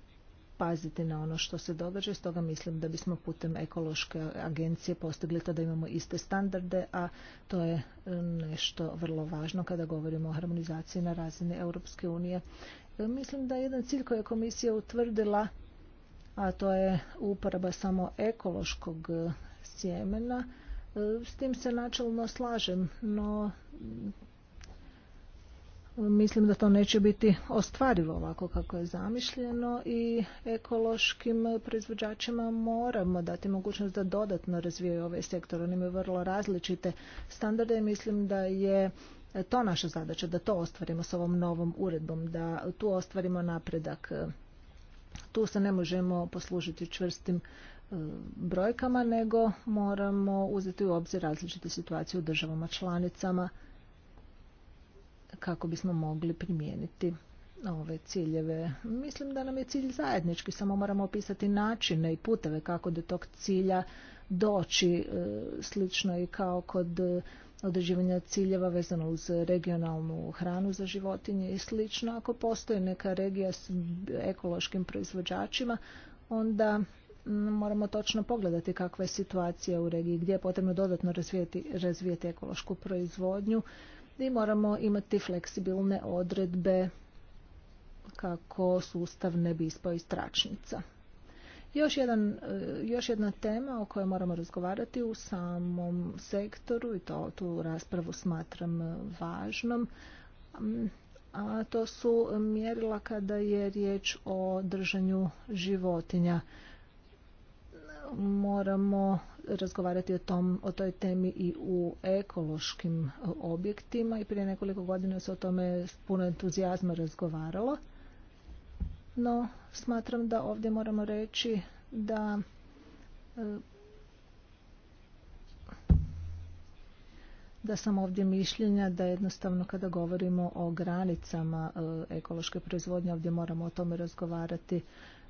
paziti na ono što se događa, stoga mislim da bismo putem ekološke agencije postigli to da imamo iste standarde, a to je e, nešto vrlo važno kada govorimo o harmonizaciji na razini Europske unije. E, mislim da je jedan cilj koji je komisija utvrdila, a to je uporaba samo ekološkog e, sjemena, s tim se načelno slažem, no Mislim da to neće biti ostvarivo ovako kako je zamišljeno i ekološkim proizvođačima moramo dati mogućnost da dodatno razvijaju ovaj sektor. Oni imaju vrlo različite standarde i mislim da je to naša zadaća, da to ostvarimo s ovom novom uredbom, da tu ostvarimo napredak. Tu se ne možemo poslužiti čvrstim e, brojkama, nego moramo uzeti u obzir različite situacije u državama članicama kako bismo mogli primijeniti ove ciljeve. Mislim da nam je cilj zajednički, samo moramo opisati načine i puteve kako do tog cilja doći, e, slično i kao kod e, određivanja ciljeva vezano uz regionalnu hranu za životinje i slično. Ako postoji neka regija s ekološkim proizvođačima, onda moramo točno pogledati kakva je situacija u regiji, gdje je potrebno dodatno razvijeti, razvijeti ekološku proizvodnju i moramo imati fleksibilne odredbe kako sustav ne bi ispao iz tračnica. Još, jedan, eh, još jedna tema o kojoj moramo razgovarati u samom sektoru i to tu raspravu smatram eh, važnom, mm, a to su mjerila kada je riječ o držanju životinja moramo razgovarati o, tom, o toj temi i u ekološkim e, objektima i prije nekoliko godina se o tome puno entuzijazma razgovaralo. No, smatram da ovdje moramo reći da e, da sam ovdje mišljenja da jednostavno kada govorimo o granicama e, ekološke proizvodnje ovdje moramo o tome razgovarati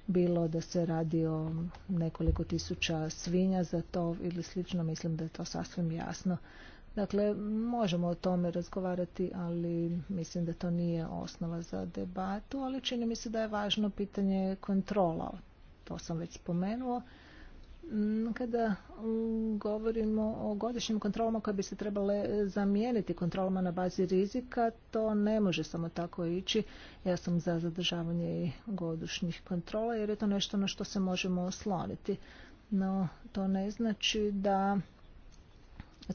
bilo da se radi o nekoliko tisuća svinja za to ili slično, mislim da je to sasvim jasno. Dakle, možemo o tome razgovarati, ali mislim da to nije osnova za debatu, ali čini mi se da je važno pitanje kontrola. To sam već spomenuo. Mm, kada govorimo o godišnjim kontrolama koje bi se trebale e, zamijeniti kontrolama na bazi rizika, to ne može samo tako ići. Ja sam za zadržavanje godišnjih kontrola jer je to nešto na što se možemo osloniti. No, to ne znači da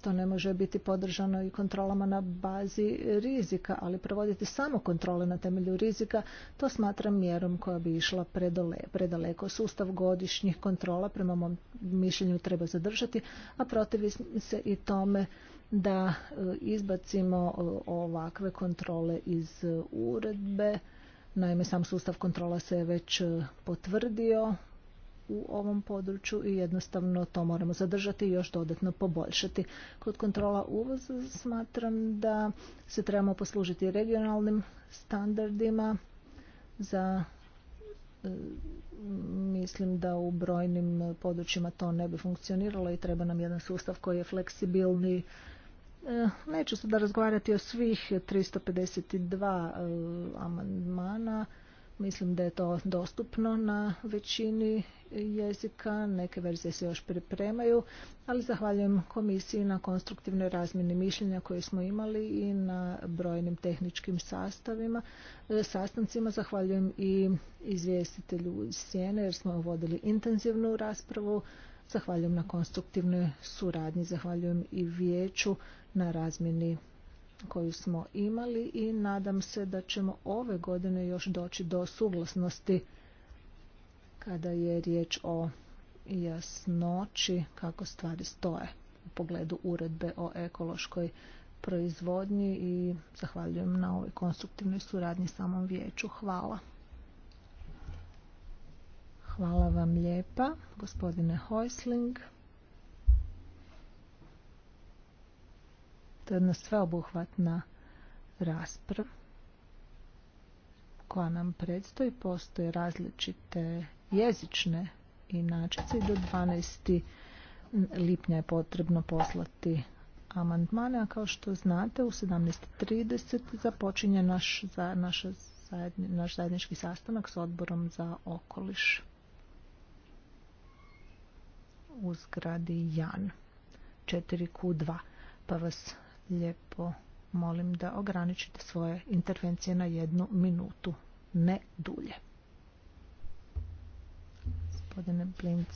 to ne može biti podržano i kontrolama na bazi rizika, ali provoditi samo kontrole na temelju rizika, to smatram mjerom koja bi išla predaleko. Sustav godišnjih kontrola, prema mom mišljenju, treba zadržati, a protivi se i tome da e, izbacimo e, ovakve kontrole iz uredbe. Naime, sam sustav kontrola se je već e, potvrdio u ovom području i jednostavno to moramo zadržati i još dodatno poboljšati. Kod kontrola uvoza smatram da se trebamo poslužiti regionalnim standardima za e, mislim da u brojnim područjima to ne bi funkcioniralo i treba nam jedan sustav koji je fleksibilni e, Neću sada razgovarati o svih 352 e, amandmana. Mislim da je to dostupno na većini jezika, neke verzije se još pripremaju, ali zahvaljujem komisiji na konstruktivnoj razmjeni mišljenja koje smo imali i na brojnim tehničkim sastavima, e, sastancima. Zahvaljujem i izvjestitelju iz jer smo vodili intenzivnu raspravu. Zahvaljujem na konstruktivnoj suradnji, zahvaljujem i vijeću na razmjeni koju smo imali i nadam se da ćemo ove godine još doći do suglasnosti kada je riječ o jasnoći kako stvari stoje u pogledu uredbe o ekološkoj proizvodnji i zahvaljujem na ovoj konstruktivnoj suradnji samom vijeću. Hvala. Hvala vam lijepa, gospodine Hojsling. To je jedna sveobuhvatna rasprav koja nam predstoji. Postoje različite jezične inačice i do 12. lipnja je potrebno poslati amandmane, a kao što znate u 17.30 započinje naš, naš, naš zajednički sastanak s odborom za okoliš u zgradi Jan 4Q2 pa vas lijepo molim da ograničite svoje intervencije na jednu minutu, ne dulje. Gospodine Blinc,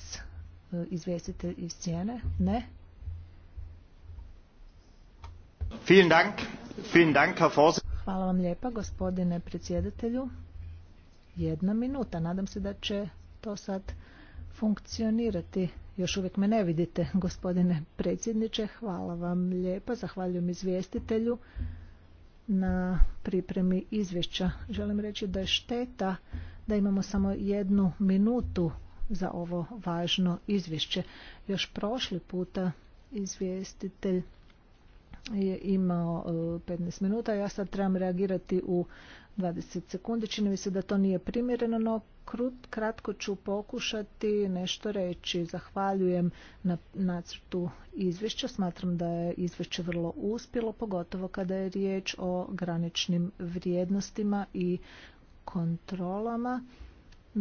e, izvijestite iz cijene? Ne? Hvala vam lijepa, gospodine predsjedatelju. Jedna minuta. Nadam se da će to sad funkcionirati. Još uvijek me ne vidite, gospodine predsjedniče. Hvala vam lijepa. Zahvaljujem izvjestitelju na pripremi izvješća. Želim reći da je šteta da imamo samo jednu minutu za ovo važno izvješće. Još prošli puta izvjestitelj je imao 15 e, minuta, ja sad trebam reagirati u 20 sekundi. Čini mi se da to nije primjereno, no kratko ću pokušati nešto reći. Zahvaljujem na nacrtu izvješća. Smatram da je izvješće vrlo uspjelo, pogotovo kada je riječ o graničnim vrijednostima i kontrolama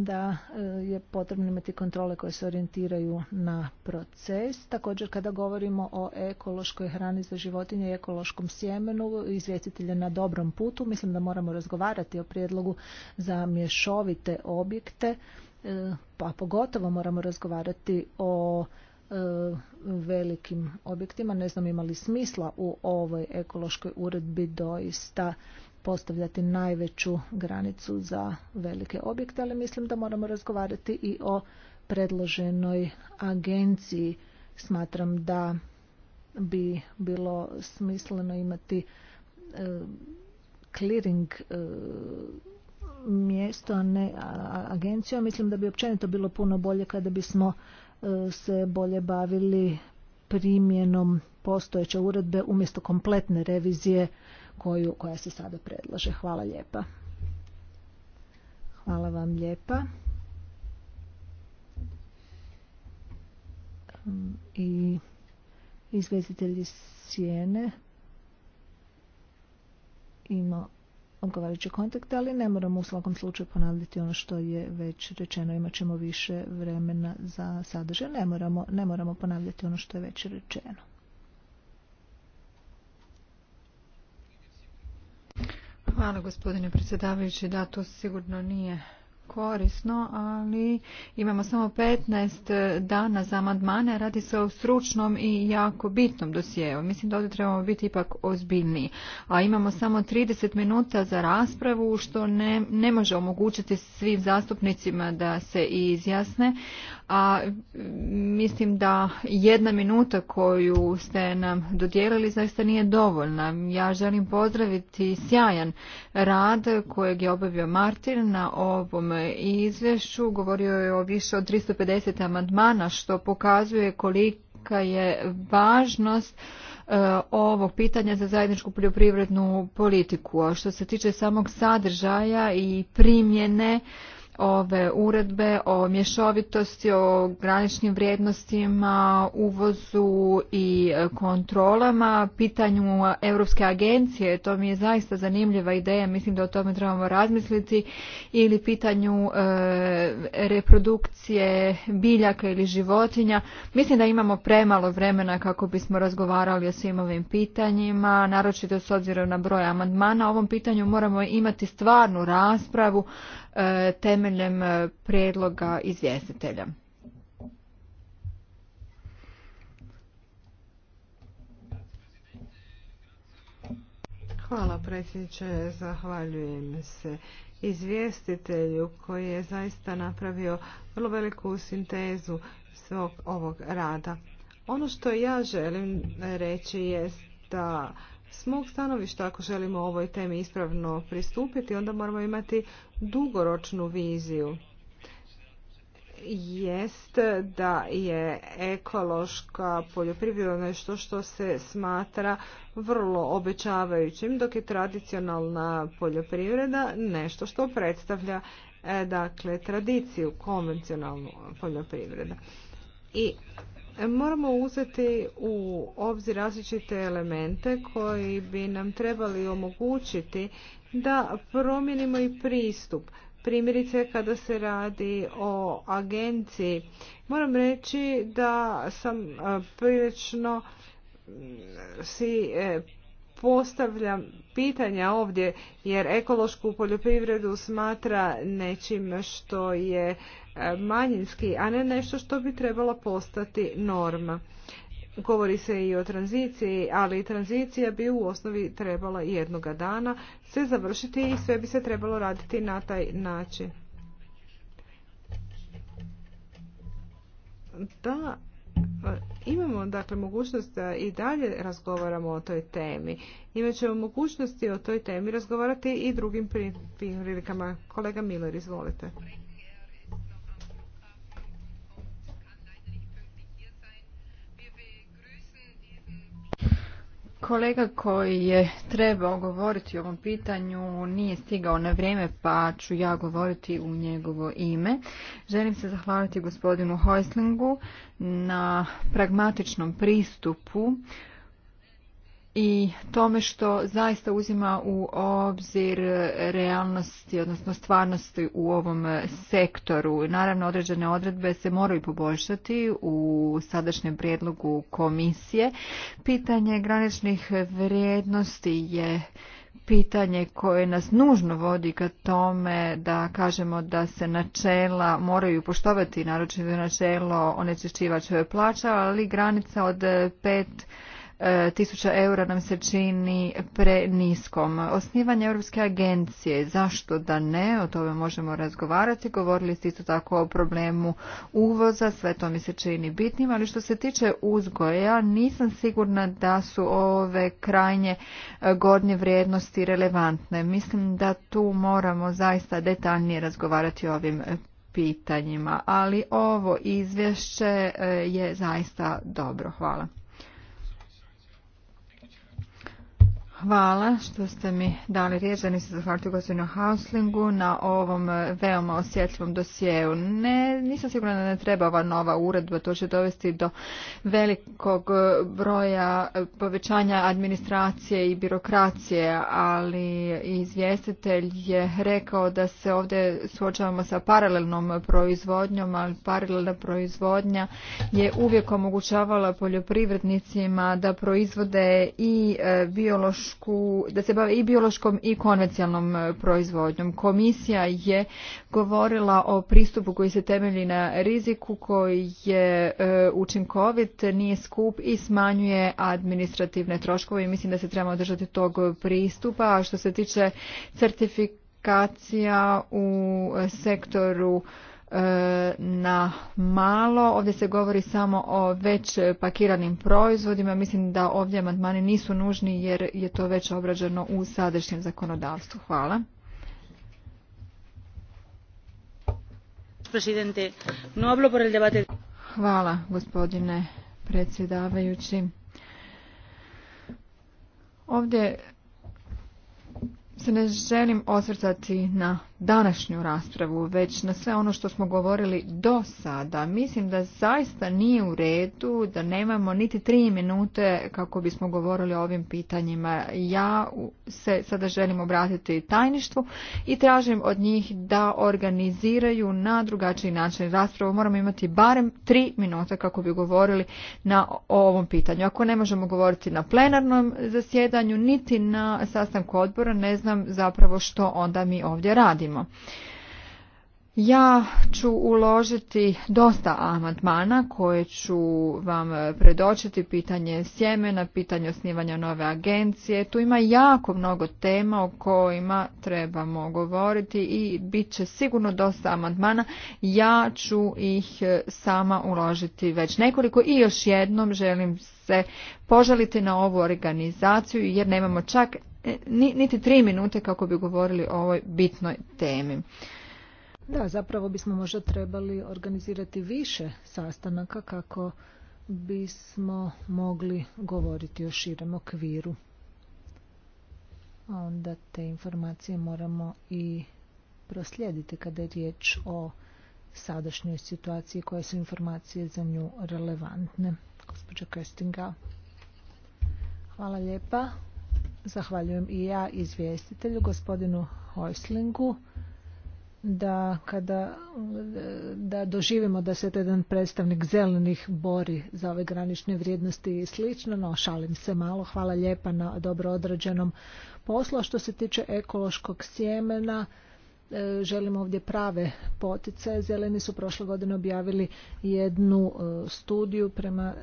da e, je potrebno imati kontrole koje se orijentiraju na proces. Također kada govorimo o ekološkoj hrani za životinje i ekološkom sjemenu, izvjestitelj na dobrom putu. Mislim da moramo razgovarati o prijedlogu za mješovite objekte, e, pa pogotovo moramo razgovarati o e, velikim objektima. Ne znam ima li smisla u ovoj ekološkoj uredbi doista postavljati najveću granicu za velike objekte, ali mislim da moramo razgovarati i o predloženoj agenciji. Smatram da bi bilo smisleno imati eh, clearing eh, mjesto, a ne agenciju. Mislim da bi općenito bilo puno bolje kada bismo eh, se bolje bavili primjenom postojeće uredbe umjesto kompletne revizije koju, koja se sada predlaže. Hvala lijepa. Hvala vam lijepa. I izvjestitelji sjene ima odgovarajući kontakt, ali ne moramo u svakom slučaju ponavljati ono što je već rečeno. Imat ćemo više vremena za sadržaj. Ne ne moramo ponavljati ono što je već rečeno. Hvala gospodine predsjedavajući. Da, to sigurno nije korisno, ali imamo samo 15 dana za amandmane, radi se o stručnom i jako bitnom dosjeu. Mislim da ovdje trebamo biti ipak ozbiljniji. A imamo samo 30 minuta za raspravu, što ne, ne može omogućiti svim zastupnicima da se i izjasne, a mm, mislim da jedna minuta koju ste nam dodijelili zaista nije dovoljna. Ja želim pozdraviti sjajan rad kojeg je obavio Martin na ovom izvješću. Govorio je o više od 350 amandmana što pokazuje kolika je važnost e, ovog pitanja za zajedničku poljoprivrednu politiku. A što se tiče samog sadržaja i primjene ove uredbe o mješovitosti, o graničnim vrijednostima, uvozu i e, kontrolama, pitanju Europske agencije, to mi je zaista zanimljiva ideja, mislim da o tome trebamo razmisliti, ili pitanju e, reprodukcije biljaka ili životinja. Mislim da imamo premalo vremena kako bismo razgovarali o svim ovim pitanjima, naročito s obzirom na broj amandmana. O ovom pitanju moramo imati stvarnu raspravu E, temeljem e, predloga izvjestitelja. Hvala predsjedniče, zahvaljujem se izvjestitelju koji je zaista napravio vrlo veliku sintezu svog ovog rada. Ono što ja želim reći je da s mog stanovišta, ako želimo ovoj temi ispravno pristupiti, onda moramo imati dugoročnu viziju. Jest da je ekološka poljoprivreda nešto što se smatra vrlo obećavajućim, dok je tradicionalna poljoprivreda nešto što predstavlja e, dakle, tradiciju, konvencionalnu poljoprivreda. I moramo uzeti u obzir različite elemente koji bi nam trebali omogućiti da promijenimo i pristup. Primjerice kada se radi o agenciji, moram reći da sam e, prilično mm, si e, postavljam pitanja ovdje jer ekološku poljoprivredu smatra nečim što je manjinski, a ne nešto što bi trebala postati norma. Govori se i o tranziciji, ali tranzicija bi u osnovi trebala jednoga dana se završiti i sve bi se trebalo raditi na taj način. Da, imamo dakle mogućnost da i dalje razgovaramo o toj temi. ćemo mogućnosti o toj temi razgovarati i drugim prilikama. Kolega Miller, izvolite. Kolega koji je trebao govoriti o ovom pitanju nije stigao na vrijeme pa ću ja govoriti u njegovo ime. Želim se zahvaliti gospodinu Hojslingu na pragmatičnom pristupu i tome što zaista uzima u obzir realnosti, odnosno stvarnosti u ovom sektoru. Naravno, određene odredbe se moraju poboljšati u sadašnjem prijedlogu komisije. Pitanje graničnih vrijednosti je pitanje koje nas nužno vodi ka tome da kažemo da se načela moraju poštovati, naročito načelo onečišćivač plaća, ali granica od pet E, tisuća eura nam se čini preniskom. Osnivanje Europske agencije, zašto da ne, o tome možemo razgovarati. Govorili ste isto tako o problemu uvoza, sve to mi se čini bitnim, ali što se tiče uzgoja, nisam sigurna da su ove krajnje e, gornje vrijednosti relevantne. Mislim da tu moramo zaista detaljnije razgovarati o ovim pitanjima, ali ovo izvješće e, je zaista dobro. Hvala. Hvala što ste mi dali riječ. za niste zahvaliti gospodinu Hauslingu na ovom e, veoma osjetljivom dosjeu. Ne, nisam sigurna da ne treba ova nova uredba. To će dovesti do velikog e, broja e, povećanja administracije i birokracije, ali izvjestitelj je rekao da se ovdje suočavamo sa paralelnom proizvodnjom, ali paralelna proizvodnja je uvijek omogućavala poljoprivrednicima da proizvode i biološku da se bave i biološkom i konvencijalnom e, proizvodnjom. Komisija je govorila o pristupu koji se temelji na riziku koji je e, učinkovit, nije skup i smanjuje administrativne troškove i mislim da se trebamo držati tog pristupa. A što se tiče certifikacija u sektoru E, na malo. Ovdje se govori samo o već pakiranim proizvodima. Mislim da ovdje amandmani nisu nužni jer je to već obrađeno u sadašnjem zakonodavstvu. Hvala. Hvala gospodine predsjedavajući. Ovdje se ne želim osvrtati na današnju raspravu, već na sve ono što smo govorili do sada. Mislim da zaista nije u redu da nemamo niti tri minute kako bismo govorili o ovim pitanjima. Ja se sada želim obratiti tajništvu i tražim od njih da organiziraju na drugačiji način raspravu. Moramo imati barem tri minute kako bi govorili na ovom pitanju. Ako ne možemo govoriti na plenarnom zasjedanju, niti na sastanku odbora, ne znam zapravo što onda mi ovdje radi radimo. Ja ću uložiti dosta amandmana koje ću vam predočiti pitanje sjemena, pitanje osnivanja nove agencije. Tu ima jako mnogo tema o kojima trebamo govoriti i bit će sigurno dosta amandmana. Ja ću ih e, sama uložiti već nekoliko i još jednom želim se požaliti na ovu organizaciju jer nemamo čak E, niti tri minute kako bi govorili o ovoj bitnoj temi. Da, zapravo bismo možda trebali organizirati više sastanaka kako bismo mogli govoriti o širem okviru. A onda te informacije moramo i proslijediti kada je riječ o sadašnjoj situaciji koje su informacije za nju relevantne. Gospođa Kestinga. Hvala lijepa. Zahvaljujem i ja izvjestitelju, gospodinu Hojslingu, da kada da doživimo da se jedan predstavnik zelenih bori za ove granične vrijednosti i slično, no šalim se malo, hvala lijepa na dobro odrađenom poslu. Što se tiče ekološkog sjemena, e, želimo ovdje prave potice. Zeleni su prošle godine objavili jednu e, studiju prema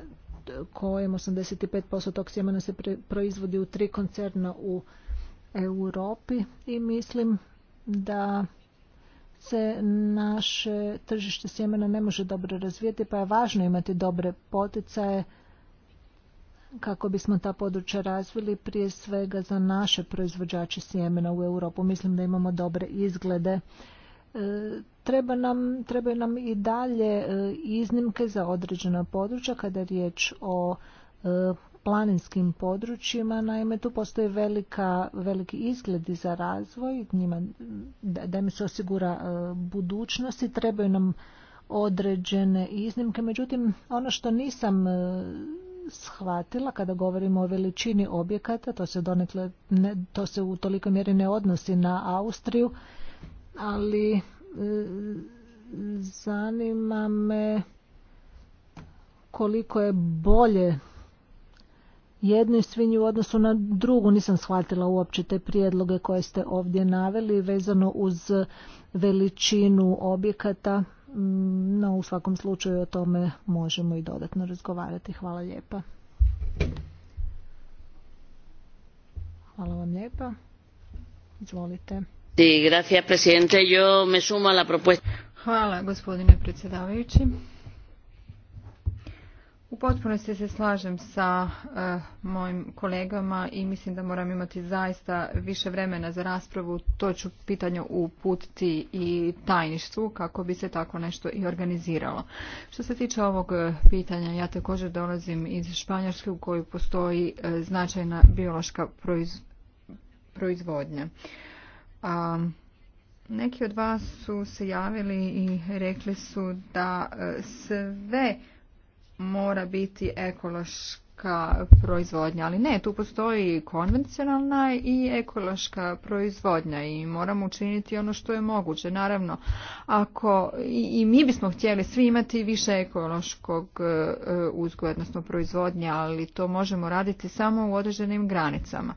kojem 85% tog sjemena se proizvodi u tri koncerna u Europi i mislim da se naše tržište sjemena ne može dobro razvijeti pa je važno imati dobre poticaje kako bismo ta područja razvili prije svega za naše proizvođače sjemena u Europu. Mislim da imamo dobre izglede e, Treba nam, trebaju nam i dalje e, iznimke za određena područja kada je riječ o e, planinskim područjima. Naime, tu postoje velika, veliki izgledi za razvoj, njima, da, da mi se osigura e, budućnost i trebaju nam određene iznimke. Međutim, ono što nisam shvatila kada govorimo o veličini objekata, to se, donekle, ne, to se u toliko mjeri ne odnosi na Austriju, ali zanima me koliko je bolje jednoj svinji u odnosu na drugu. Nisam shvatila uopće te prijedloge koje ste ovdje naveli vezano uz veličinu objekata. Mm, no, u svakom slučaju o tome možemo i dodatno razgovarati. Hvala lijepa. Hvala vam lijepa. Izvolite. Gracias, presidente. Yo Hvala, gospodine predsjedavajući. U potpunosti se slažem sa eh, mojim kolegama i mislim da moram imati zaista više vremena za raspravu. To ću pitanje uputiti i tajništvu kako bi se tako nešto i organiziralo. Što se tiče ovog eh, pitanja, ja također dolazim iz Španjolske u kojoj postoji eh, značajna biološka proizvodnja. A neki od vas su se javili i rekli su da e, sve mora biti ekološko ekološka proizvodnja, ali ne, tu postoji konvencionalna i ekološka proizvodnja i moramo učiniti ono što je moguće. Naravno, ako i, mi bismo htjeli svi imati više ekološkog e, uzgoja, odnosno proizvodnja, ali to možemo raditi samo u određenim granicama.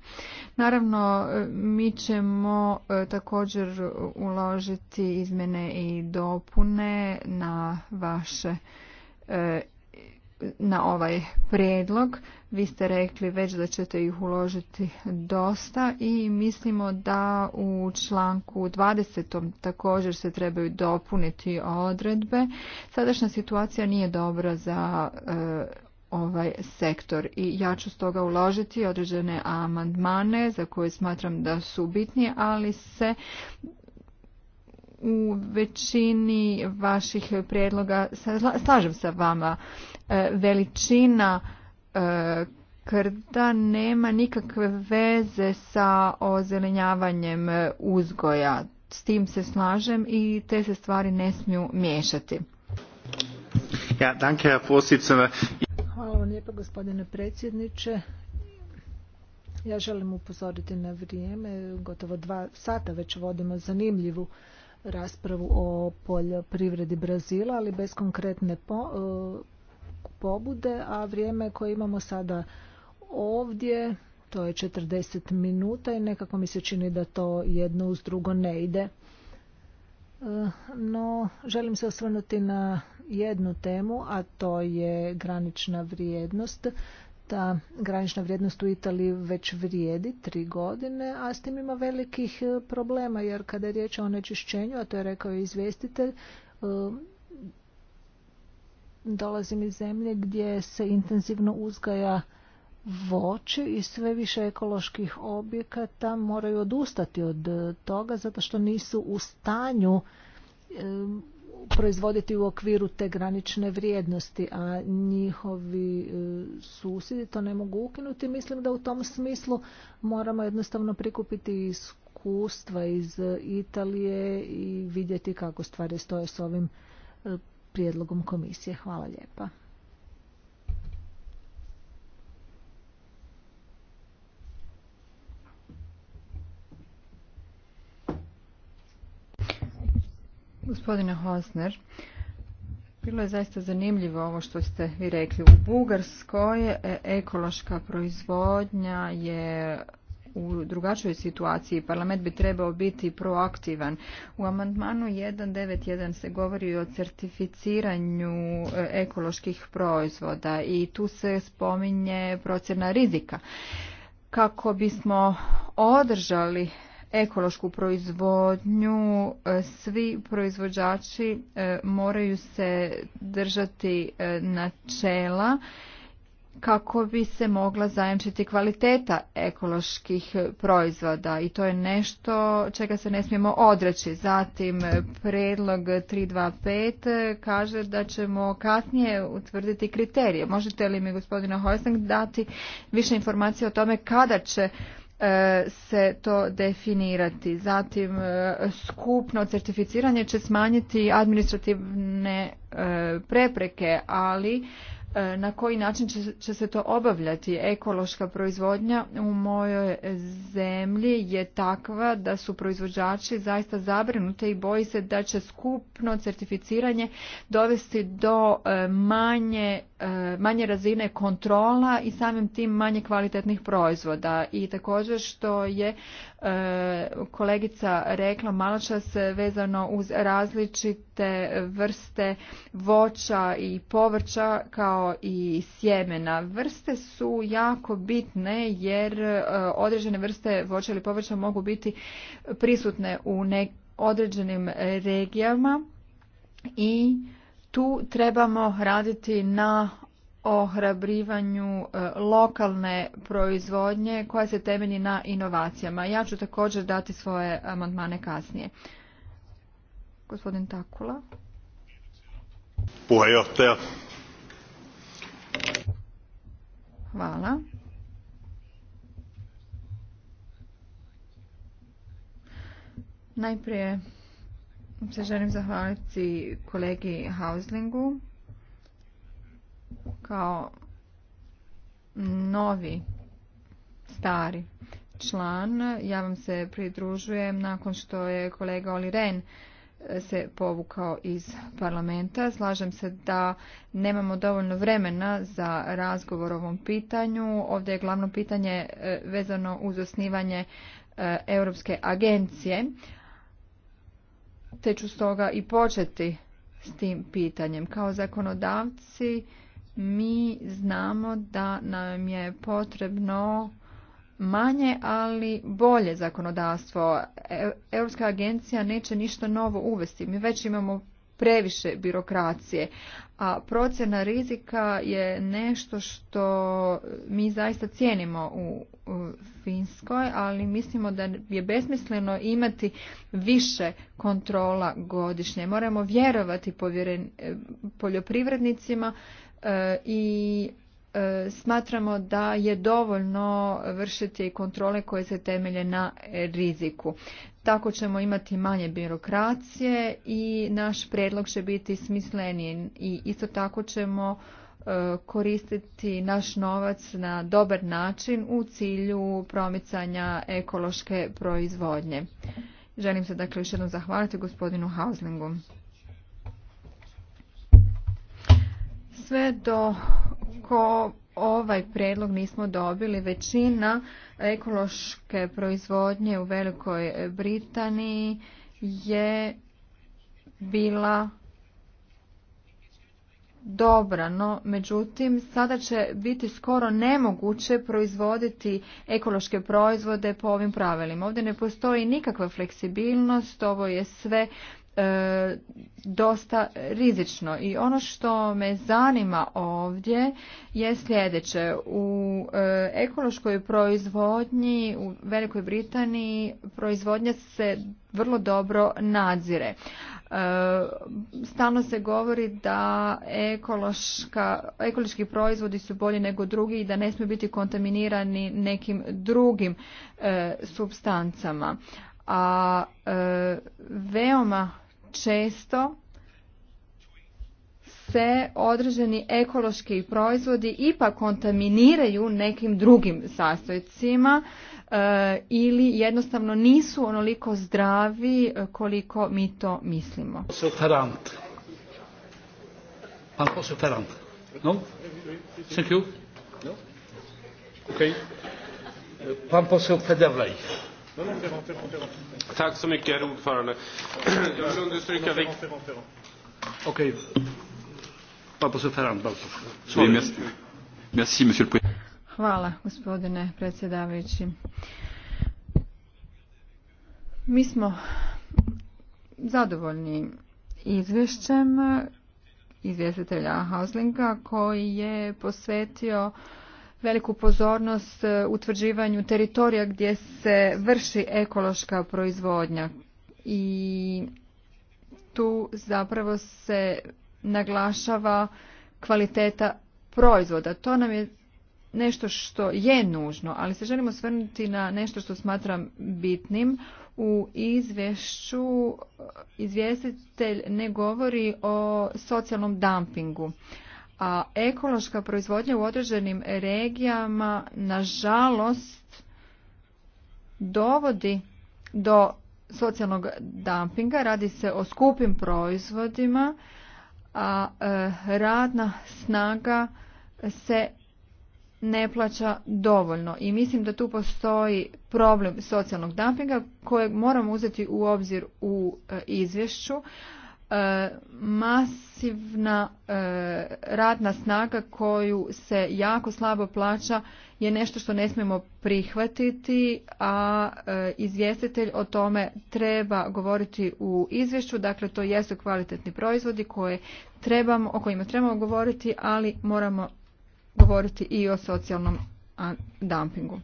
Naravno, e, mi ćemo e, također uložiti izmjene i dopune na vaše na ovaj predlog. Vi ste rekli već da ćete ih uložiti dosta i mislimo da u članku 20. također se trebaju dopuniti odredbe. Sadašnja situacija nije dobra za e, ovaj sektor i ja ću stoga uložiti određene amandmane za koje smatram da su bitni, ali se u većini vaših prijedloga slažem sa vama. E, veličina e, krda nema nikakve veze sa ozelenjavanjem uzgoja. S tim se slažem i te se stvari ne smiju miješati. Ja, danke, Hvala vam lijepo gospodine predsjedniče. Ja želim upozoriti na vrijeme, gotovo dva sata već vodimo zanimljivu raspravu o poljoprivredi Brazila, ali bez konkretne e, pobude, a vrijeme koje imamo sada ovdje, to je 40 minuta i nekako mi se čini da to jedno uz drugo ne ide. E, no, želim se osvrnuti na jednu temu, a to je granična vrijednost ta granična vrijednost u Italiji već vrijedi tri godine, a s tim ima velikih e, problema jer kada je riječ o onečišćenju, a to je rekao i izvjestitelj, e, dolazim iz zemlje gdje se intenzivno uzgaja voće i sve više ekoloških objekata moraju odustati od e, toga zato što nisu u stanju proizvoditi u okviru te granične vrijednosti, a njihovi e, susjedi to ne mogu ukinuti. Mislim da u tom smislu moramo jednostavno prikupiti iskustva iz Italije i vidjeti kako stvari stoje s ovim e, prijedlogom komisije. Hvala lijepa. Gospodine Hosner, bilo je zaista zanimljivo ovo što ste vi rekli. U Bugarskoj e, ekološka proizvodnja je u drugačoj situaciji. Parlament bi trebao biti proaktivan. U amandmanu 1.9.1 se govori o certificiranju e, ekoloških proizvoda i tu se spominje procjena rizika kako bismo održali ekološku proizvodnju. E, svi proizvođači e, moraju se držati e, načela kako bi se mogla zajamčiti kvaliteta ekoloških proizvoda i to je nešto čega se ne smijemo odreći. Zatim predlog 325 kaže da ćemo kasnije utvrditi kriterije. Možete li mi gospodina Hojsang dati više informacije o tome kada će E, se to definirati. Zatim, e, skupno certificiranje će smanjiti administrativne e, prepreke, ali na koji način će se to obavljati? Ekološka proizvodnja u mojoj zemlji je takva da su proizvođači zaista zabrinute i boji se da će skupno certificiranje dovesti do manje E, manje razine kontrola i samim tim manje kvalitetnih proizvoda. I također što je e, kolegica rekla maločas vezano uz različite vrste voća i povrća kao i sjemena. Vrste su jako bitne jer e, određene vrste voća ili povrća mogu biti prisutne u određenim regijama i tu trebamo raditi na ohrabrivanju e, lokalne proizvodnje koja se temelji na inovacijama. Ja ću također dati svoje amandmane kasnije. Gospodin Takula. Hvala. Najprije se želim zahvaliti kolegi Hauslingu kao novi stari član. Ja vam se pridružujem nakon što je kolega Oli Ren e, se povukao iz parlamenta. Slažem se da nemamo dovoljno vremena za razgovor o ovom pitanju. Ovdje je glavno pitanje e, vezano uz osnivanje e, Europske agencije te ću stoga i početi s tim pitanjem. Kao zakonodavci mi znamo da nam je potrebno manje, ali bolje zakonodavstvo. E, Europska agencija neće ništa novo uvesti. Mi već imamo previše birokracije. A procjena rizika je nešto što mi zaista cijenimo u Finskoj, ali mislimo da je besmisleno imati više kontrola godišnje. Moramo vjerovati e, poljoprivrednicima e, i e, smatramo da je dovoljno vršiti kontrole koje se temelje na riziku. Tako ćemo imati manje birokracije i naš predlog će biti smisleniji i isto tako ćemo e, koristiti naš novac na dobar način u cilju promicanja ekološke proizvodnje. Želim se dakle još jednom zahvaliti gospodinu Hauslingu. Sve do ko ovaj predlog nismo dobili. Većina ekološke proizvodnje u Velikoj Britaniji je bila dobra, no međutim sada će biti skoro nemoguće proizvoditi ekološke proizvode po ovim pravilima. Ovdje ne postoji nikakva fleksibilnost, ovo je sve e, dosta rizično i ono što me zanima ovdje je sljedeće u e, ekološkoj proizvodnji u Velikoj Britaniji proizvodnja se vrlo dobro nadzire e, stalno se govori da ekološka, ekološki proizvodi su bolji nego drugi i da ne smiju biti kontaminirani nekim drugim e, substancama a e, veoma često se određeni ekološki proizvodi ipak kontaminiraju nekim drugim sastojcima e, ili jednostavno nisu onoliko zdravi e, koliko mi to mislimo. No? Thank you. No? Pan Tack så mycket, herr ordförande. Jag vill understryka vikten... Okej. Hvala, gospodine predsjedavajući. Mi smo zadovoljni izvješćem izvjestitelja Hauslinga koji je posvetio veliku pozornost e, utvrđivanju teritorija gdje se vrši ekološka proizvodnja i tu zapravo se naglašava kvaliteta proizvoda. To nam je nešto što je nužno, ali se želimo svrnuti na nešto što smatram bitnim. U izvješću e, izvjestitelj ne govori o socijalnom dumpingu a ekološka proizvodnja u određenim regijama nažalost dovodi do socijalnog dumpinga, radi se o skupim proizvodima, a e, radna snaga se ne plaća dovoljno i mislim da tu postoji problem socijalnog dumpinga kojeg moramo uzeti u obzir u e, izvješću E, masivna e, radna snaga koju se jako slabo plaća je nešto što ne smijemo prihvatiti, a e, izvjestitelj o tome treba govoriti u izvješću, dakle to jesu kvalitetni proizvodi koje trebamo, o kojima trebamo govoriti, ali moramo govoriti i o socijalnom dumpingu.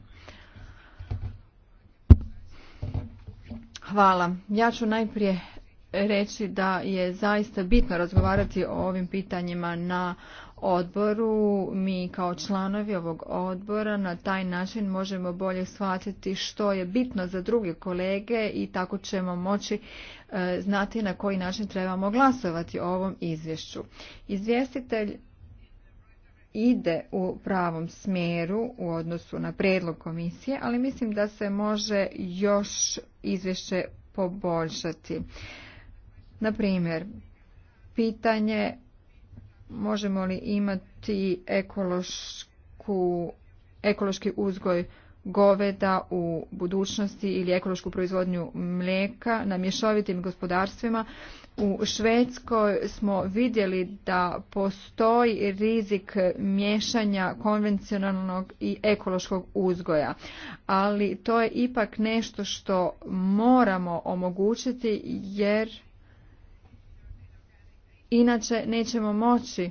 Hvala. Ja ću najprije reći da je zaista bitno razgovarati o ovim pitanjima na odboru. Mi kao članovi ovog odbora na taj način možemo bolje shvatiti što je bitno za druge kolege i tako ćemo moći e, znati na koji način trebamo glasovati o ovom izvješću. Izvjestitelj ide u pravom smjeru u odnosu na predlog komisije, ali mislim da se može još izvješće poboljšati. Na primjer, pitanje možemo li imati ekološku, ekološki uzgoj goveda u budućnosti ili ekološku proizvodnju mlijeka na mješovitim gospodarstvima. U Švedskoj smo vidjeli da postoji rizik miješanja konvencionalnog i ekološkog uzgoja, ali to je ipak nešto što moramo omogućiti jer inače nećemo moći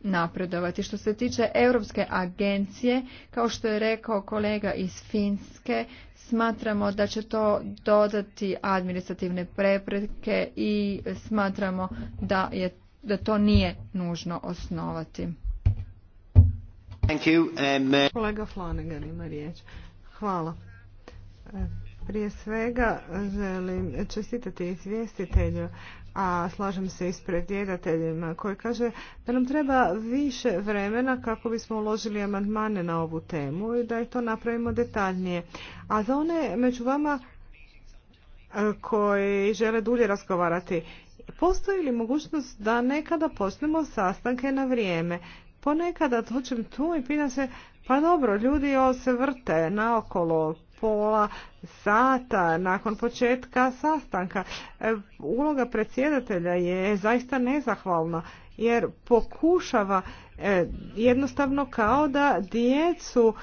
napredovati. Što se tiče Europske agencije, kao što je rekao kolega iz Finske, smatramo da će to dodati administrativne prepreke i smatramo da, je, da to nije nužno osnovati. Um, uh, kolega Flanagan ima riječ. Hvala. E, prije svega želim čestitati izvjestitelju a slažem se i s koji kaže da nam treba više vremena kako bismo uložili amandmane na ovu temu i da je to napravimo detaljnije. A za one među vama e, koji žele dulje razgovarati, postoji li mogućnost da nekada počnemo sastanke na vrijeme? Ponekada dođem tu i pita se, pa dobro, ljudi se vrte naokolo, pola sata nakon početka sastanka. E, uloga predsjedatelja je zaista nezahvalna jer pokušava e, jednostavno kao da djecu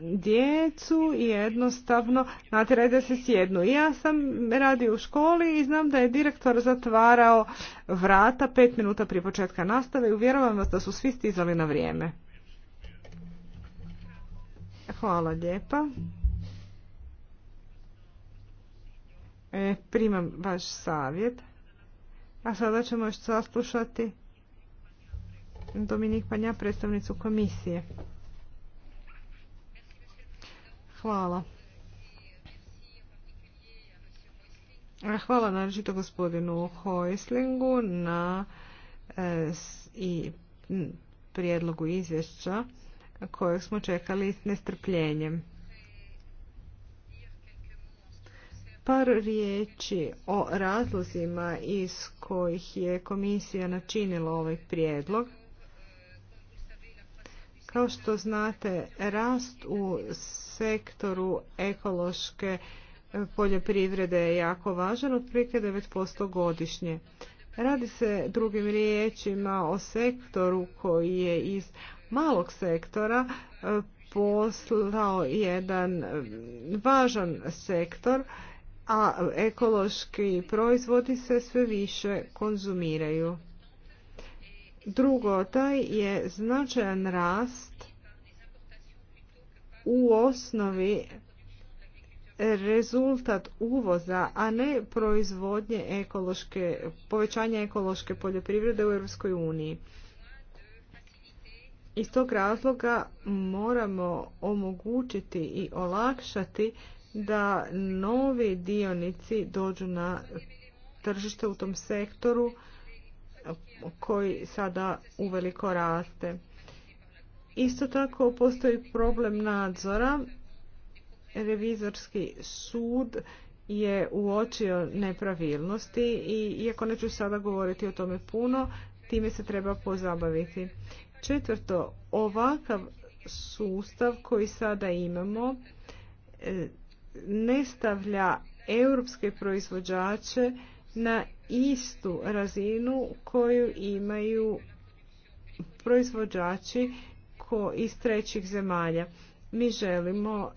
djecu jednostavno natjeraj da se sjednu. Ja sam radio u školi i znam da je direktor zatvarao vrata pet minuta prije početka nastave i uvjeravam vas da su svi stizali na vrijeme. Hvala lijepa. E, primam vaš savjet. A sada ćemo još saslušati Dominik Panja, predstavnicu komisije. Hvala. E, hvala naročito gospodinu Hoislingu na e, i prijedlogu izvješća kojeg smo čekali s nestrpljenjem. Par riječi o razlozima iz kojih je komisija načinila ovaj prijedlog. Kao što znate, rast u sektoru ekološke poljoprivrede je jako važan, otprilike 9% godišnje. Radi se drugim riječima o sektoru koji je iz malog sektora e, poslao jedan e, važan sektor a ekološki proizvodi se sve više konzumiraju. Drugo, taj je značajan rast u osnovi rezultat uvoza, a ne proizvodnje ekološke, povećanje ekološke poljoprivrede u Europskoj uniji. Iz tog razloga moramo omogućiti i olakšati da novi dionici dođu na tržište u tom sektoru koji sada uveliko raste. Isto tako postoji problem nadzora. Revizorski sud je uočio nepravilnosti i iako neću sada govoriti o tome puno, time se treba pozabaviti. Četvrto, ovakav sustav koji sada imamo e, ne stavlja europske proizvođače na istu razinu koju imaju proizvođači ko iz trećih zemalja. Mi želimo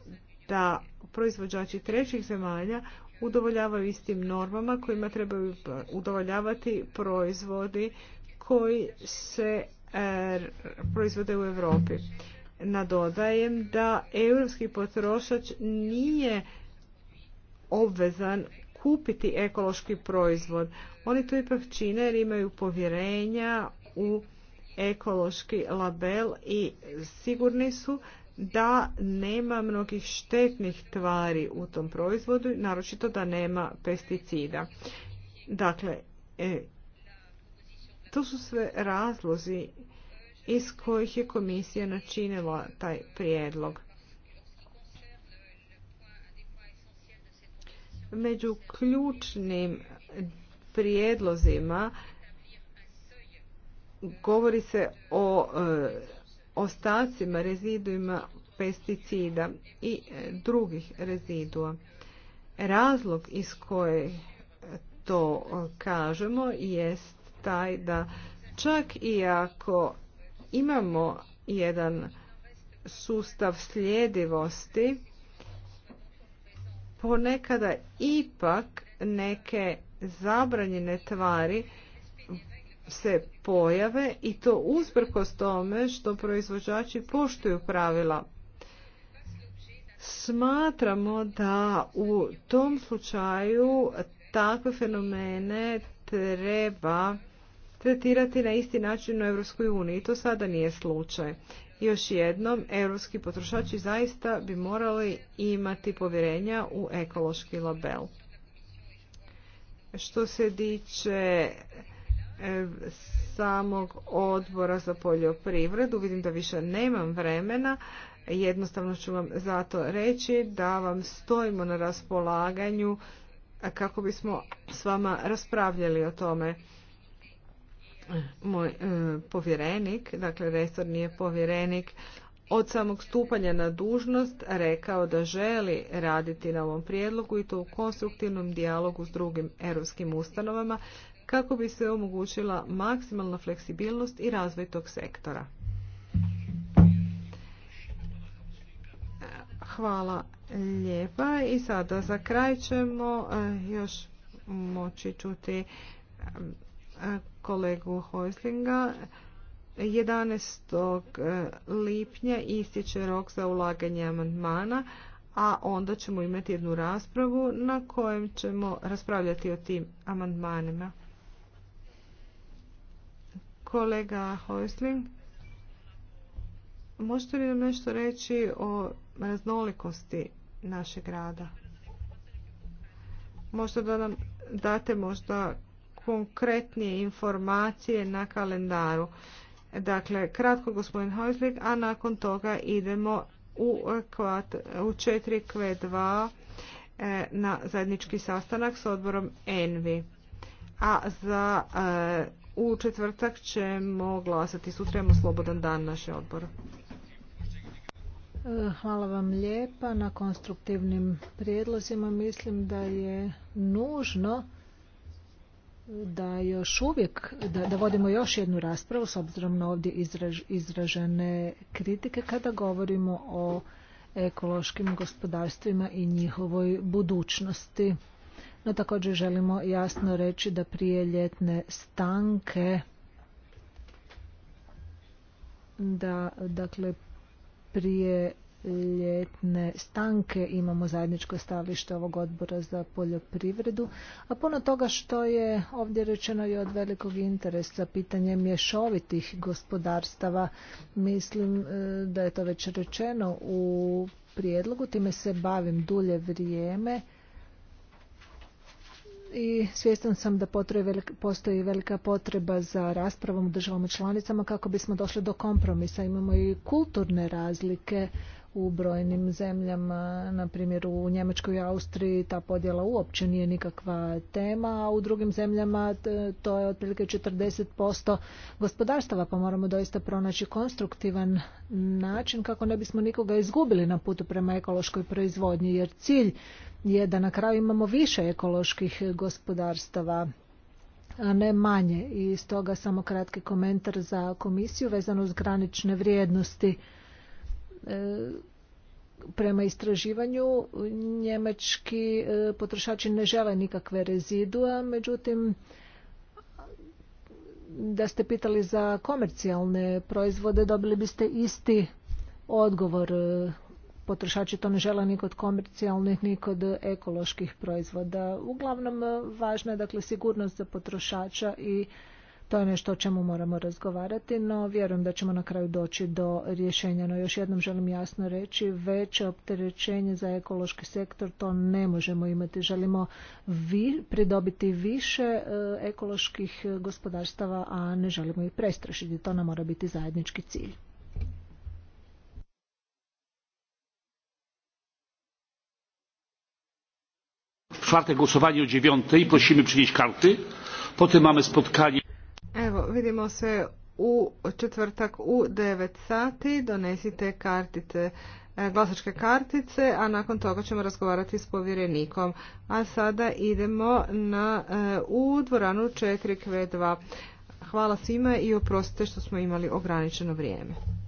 da proizvođači trećih zemalja udovoljavaju istim normama kojima trebaju udovoljavati proizvodi koji se e, proizvode u Europi nadodajem da europski potrošač nije obvezan kupiti ekološki proizvod. Oni to ipak čine jer imaju povjerenja u ekološki label i sigurni su da nema mnogih štetnih tvari u tom proizvodu, naročito da nema pesticida. Dakle, e, to su sve razlozi iz kojih je komisija načinila taj prijedlog. Među ključnim prijedlozima govori se o e, ostacima, reziduima pesticida i e, drugih rezidua. Razlog iz koje to e, kažemo jest taj da čak i ako imamo jedan sustav sljedivosti, ponekada ipak neke zabranjene tvari se pojave i to uzbrkos tome što proizvođači poštuju pravila. Smatramo da u tom slučaju takve fenomene treba tretirati na isti način u Europskoj uniji. To sada nije slučaj. Još jednom, europski potrošači zaista bi morali imati povjerenja u ekološki label. Što se diče e, samog odbora za poljoprivredu, vidim da više nemam vremena, jednostavno ću vam zato reći da vam stojimo na raspolaganju kako bismo s vama raspravljali o tome moj e, povjerenik, dakle resorni je povjerenik, od samog stupanja na dužnost rekao da želi raditi na ovom prijedlogu i to u konstruktivnom dijalogu s drugim europskim ustanovama kako bi se omogućila maksimalna fleksibilnost i razvoj tog sektora. Hvala lijepa i sada za kraj ćemo e, još moći čuti kolegu Hojslinga. 11. E, lipnja ističe rok za ulaganje amandmana, a onda ćemo imati jednu raspravu na kojem ćemo raspravljati o tim amandmanima. Kolega Hojsling, možete li nam nešto reći o raznolikosti našeg rada? Možda da nam date možda konkretnije informacije na kalendaru. Dakle, kratko gospodin Hojslik, a nakon toga idemo u, kvat, u 4Q2 e, na zajednički sastanak s odborom ENVI. A za e, u četvrtak ćemo glasati. Sutra imamo slobodan dan naš odbor. E, hvala vam lijepa na konstruktivnim prijedlozima. Mislim da je nužno da još uvijek, da, vodimo još jednu raspravu s obzirom na ovdje izražene kritike kada govorimo o ekološkim gospodarstvima i njihovoj budućnosti. No također želimo jasno reći da prije ljetne stanke da dakle prije ljetne stanke imamo zajedničko stavište ovog odbora za poljoprivredu, a puno toga što je ovdje rečeno je od velikog interesa pitanje mješovitih gospodarstava. Mislim e, da je to već rečeno u prijedlogu, time se bavim dulje vrijeme i svjestan sam da postoji velika potreba za raspravom u državama članicama kako bismo došli do kompromisa. Imamo i kulturne razlike u brojnim zemljama, na primjer u Njemačkoj i Austriji ta podjela uopće nije nikakva tema, a u drugim zemljama to je otprilike 40% gospodarstava, pa moramo doista pronaći konstruktivan način kako ne bismo nikoga izgubili na putu prema ekološkoj proizvodnji, jer cilj je da na kraju imamo više ekoloških gospodarstava a ne manje. I stoga samo kratki komentar za komisiju vezano uz granične vrijednosti. E, prema istraživanju njemački e, potrošači ne žele nikakve rezidua, međutim da ste pitali za komercijalne proizvode dobili biste isti odgovor. E, potrošači to ne žele ni kod komercijalnih ni kod ekoloških proizvoda. Uglavnom važna je dakle sigurnost za potrošača i to je nešto o čemu moramo razgovarati, no vjerujem da ćemo na kraju doći do rješenja. No još jednom želim jasno reći, veće opterećenje za ekološki sektor to ne možemo imati. Želimo vi, pridobiti više e, ekoloških gospodarstava, a ne želimo ih prestrašiti. To nam mora biti zajednički cilj. czwartek głosowanie o dziewiątej prosimy przynieść karty potem mamy spotkanie Evo, vidimo se u četvrtak u 9 sati. Donesite kartice, e, glasačke kartice, a nakon toga ćemo razgovarati s povjerenikom. A sada idemo na, e, u dvoranu 4Q2. Hvala svima i oprostite što smo imali ograničeno vrijeme.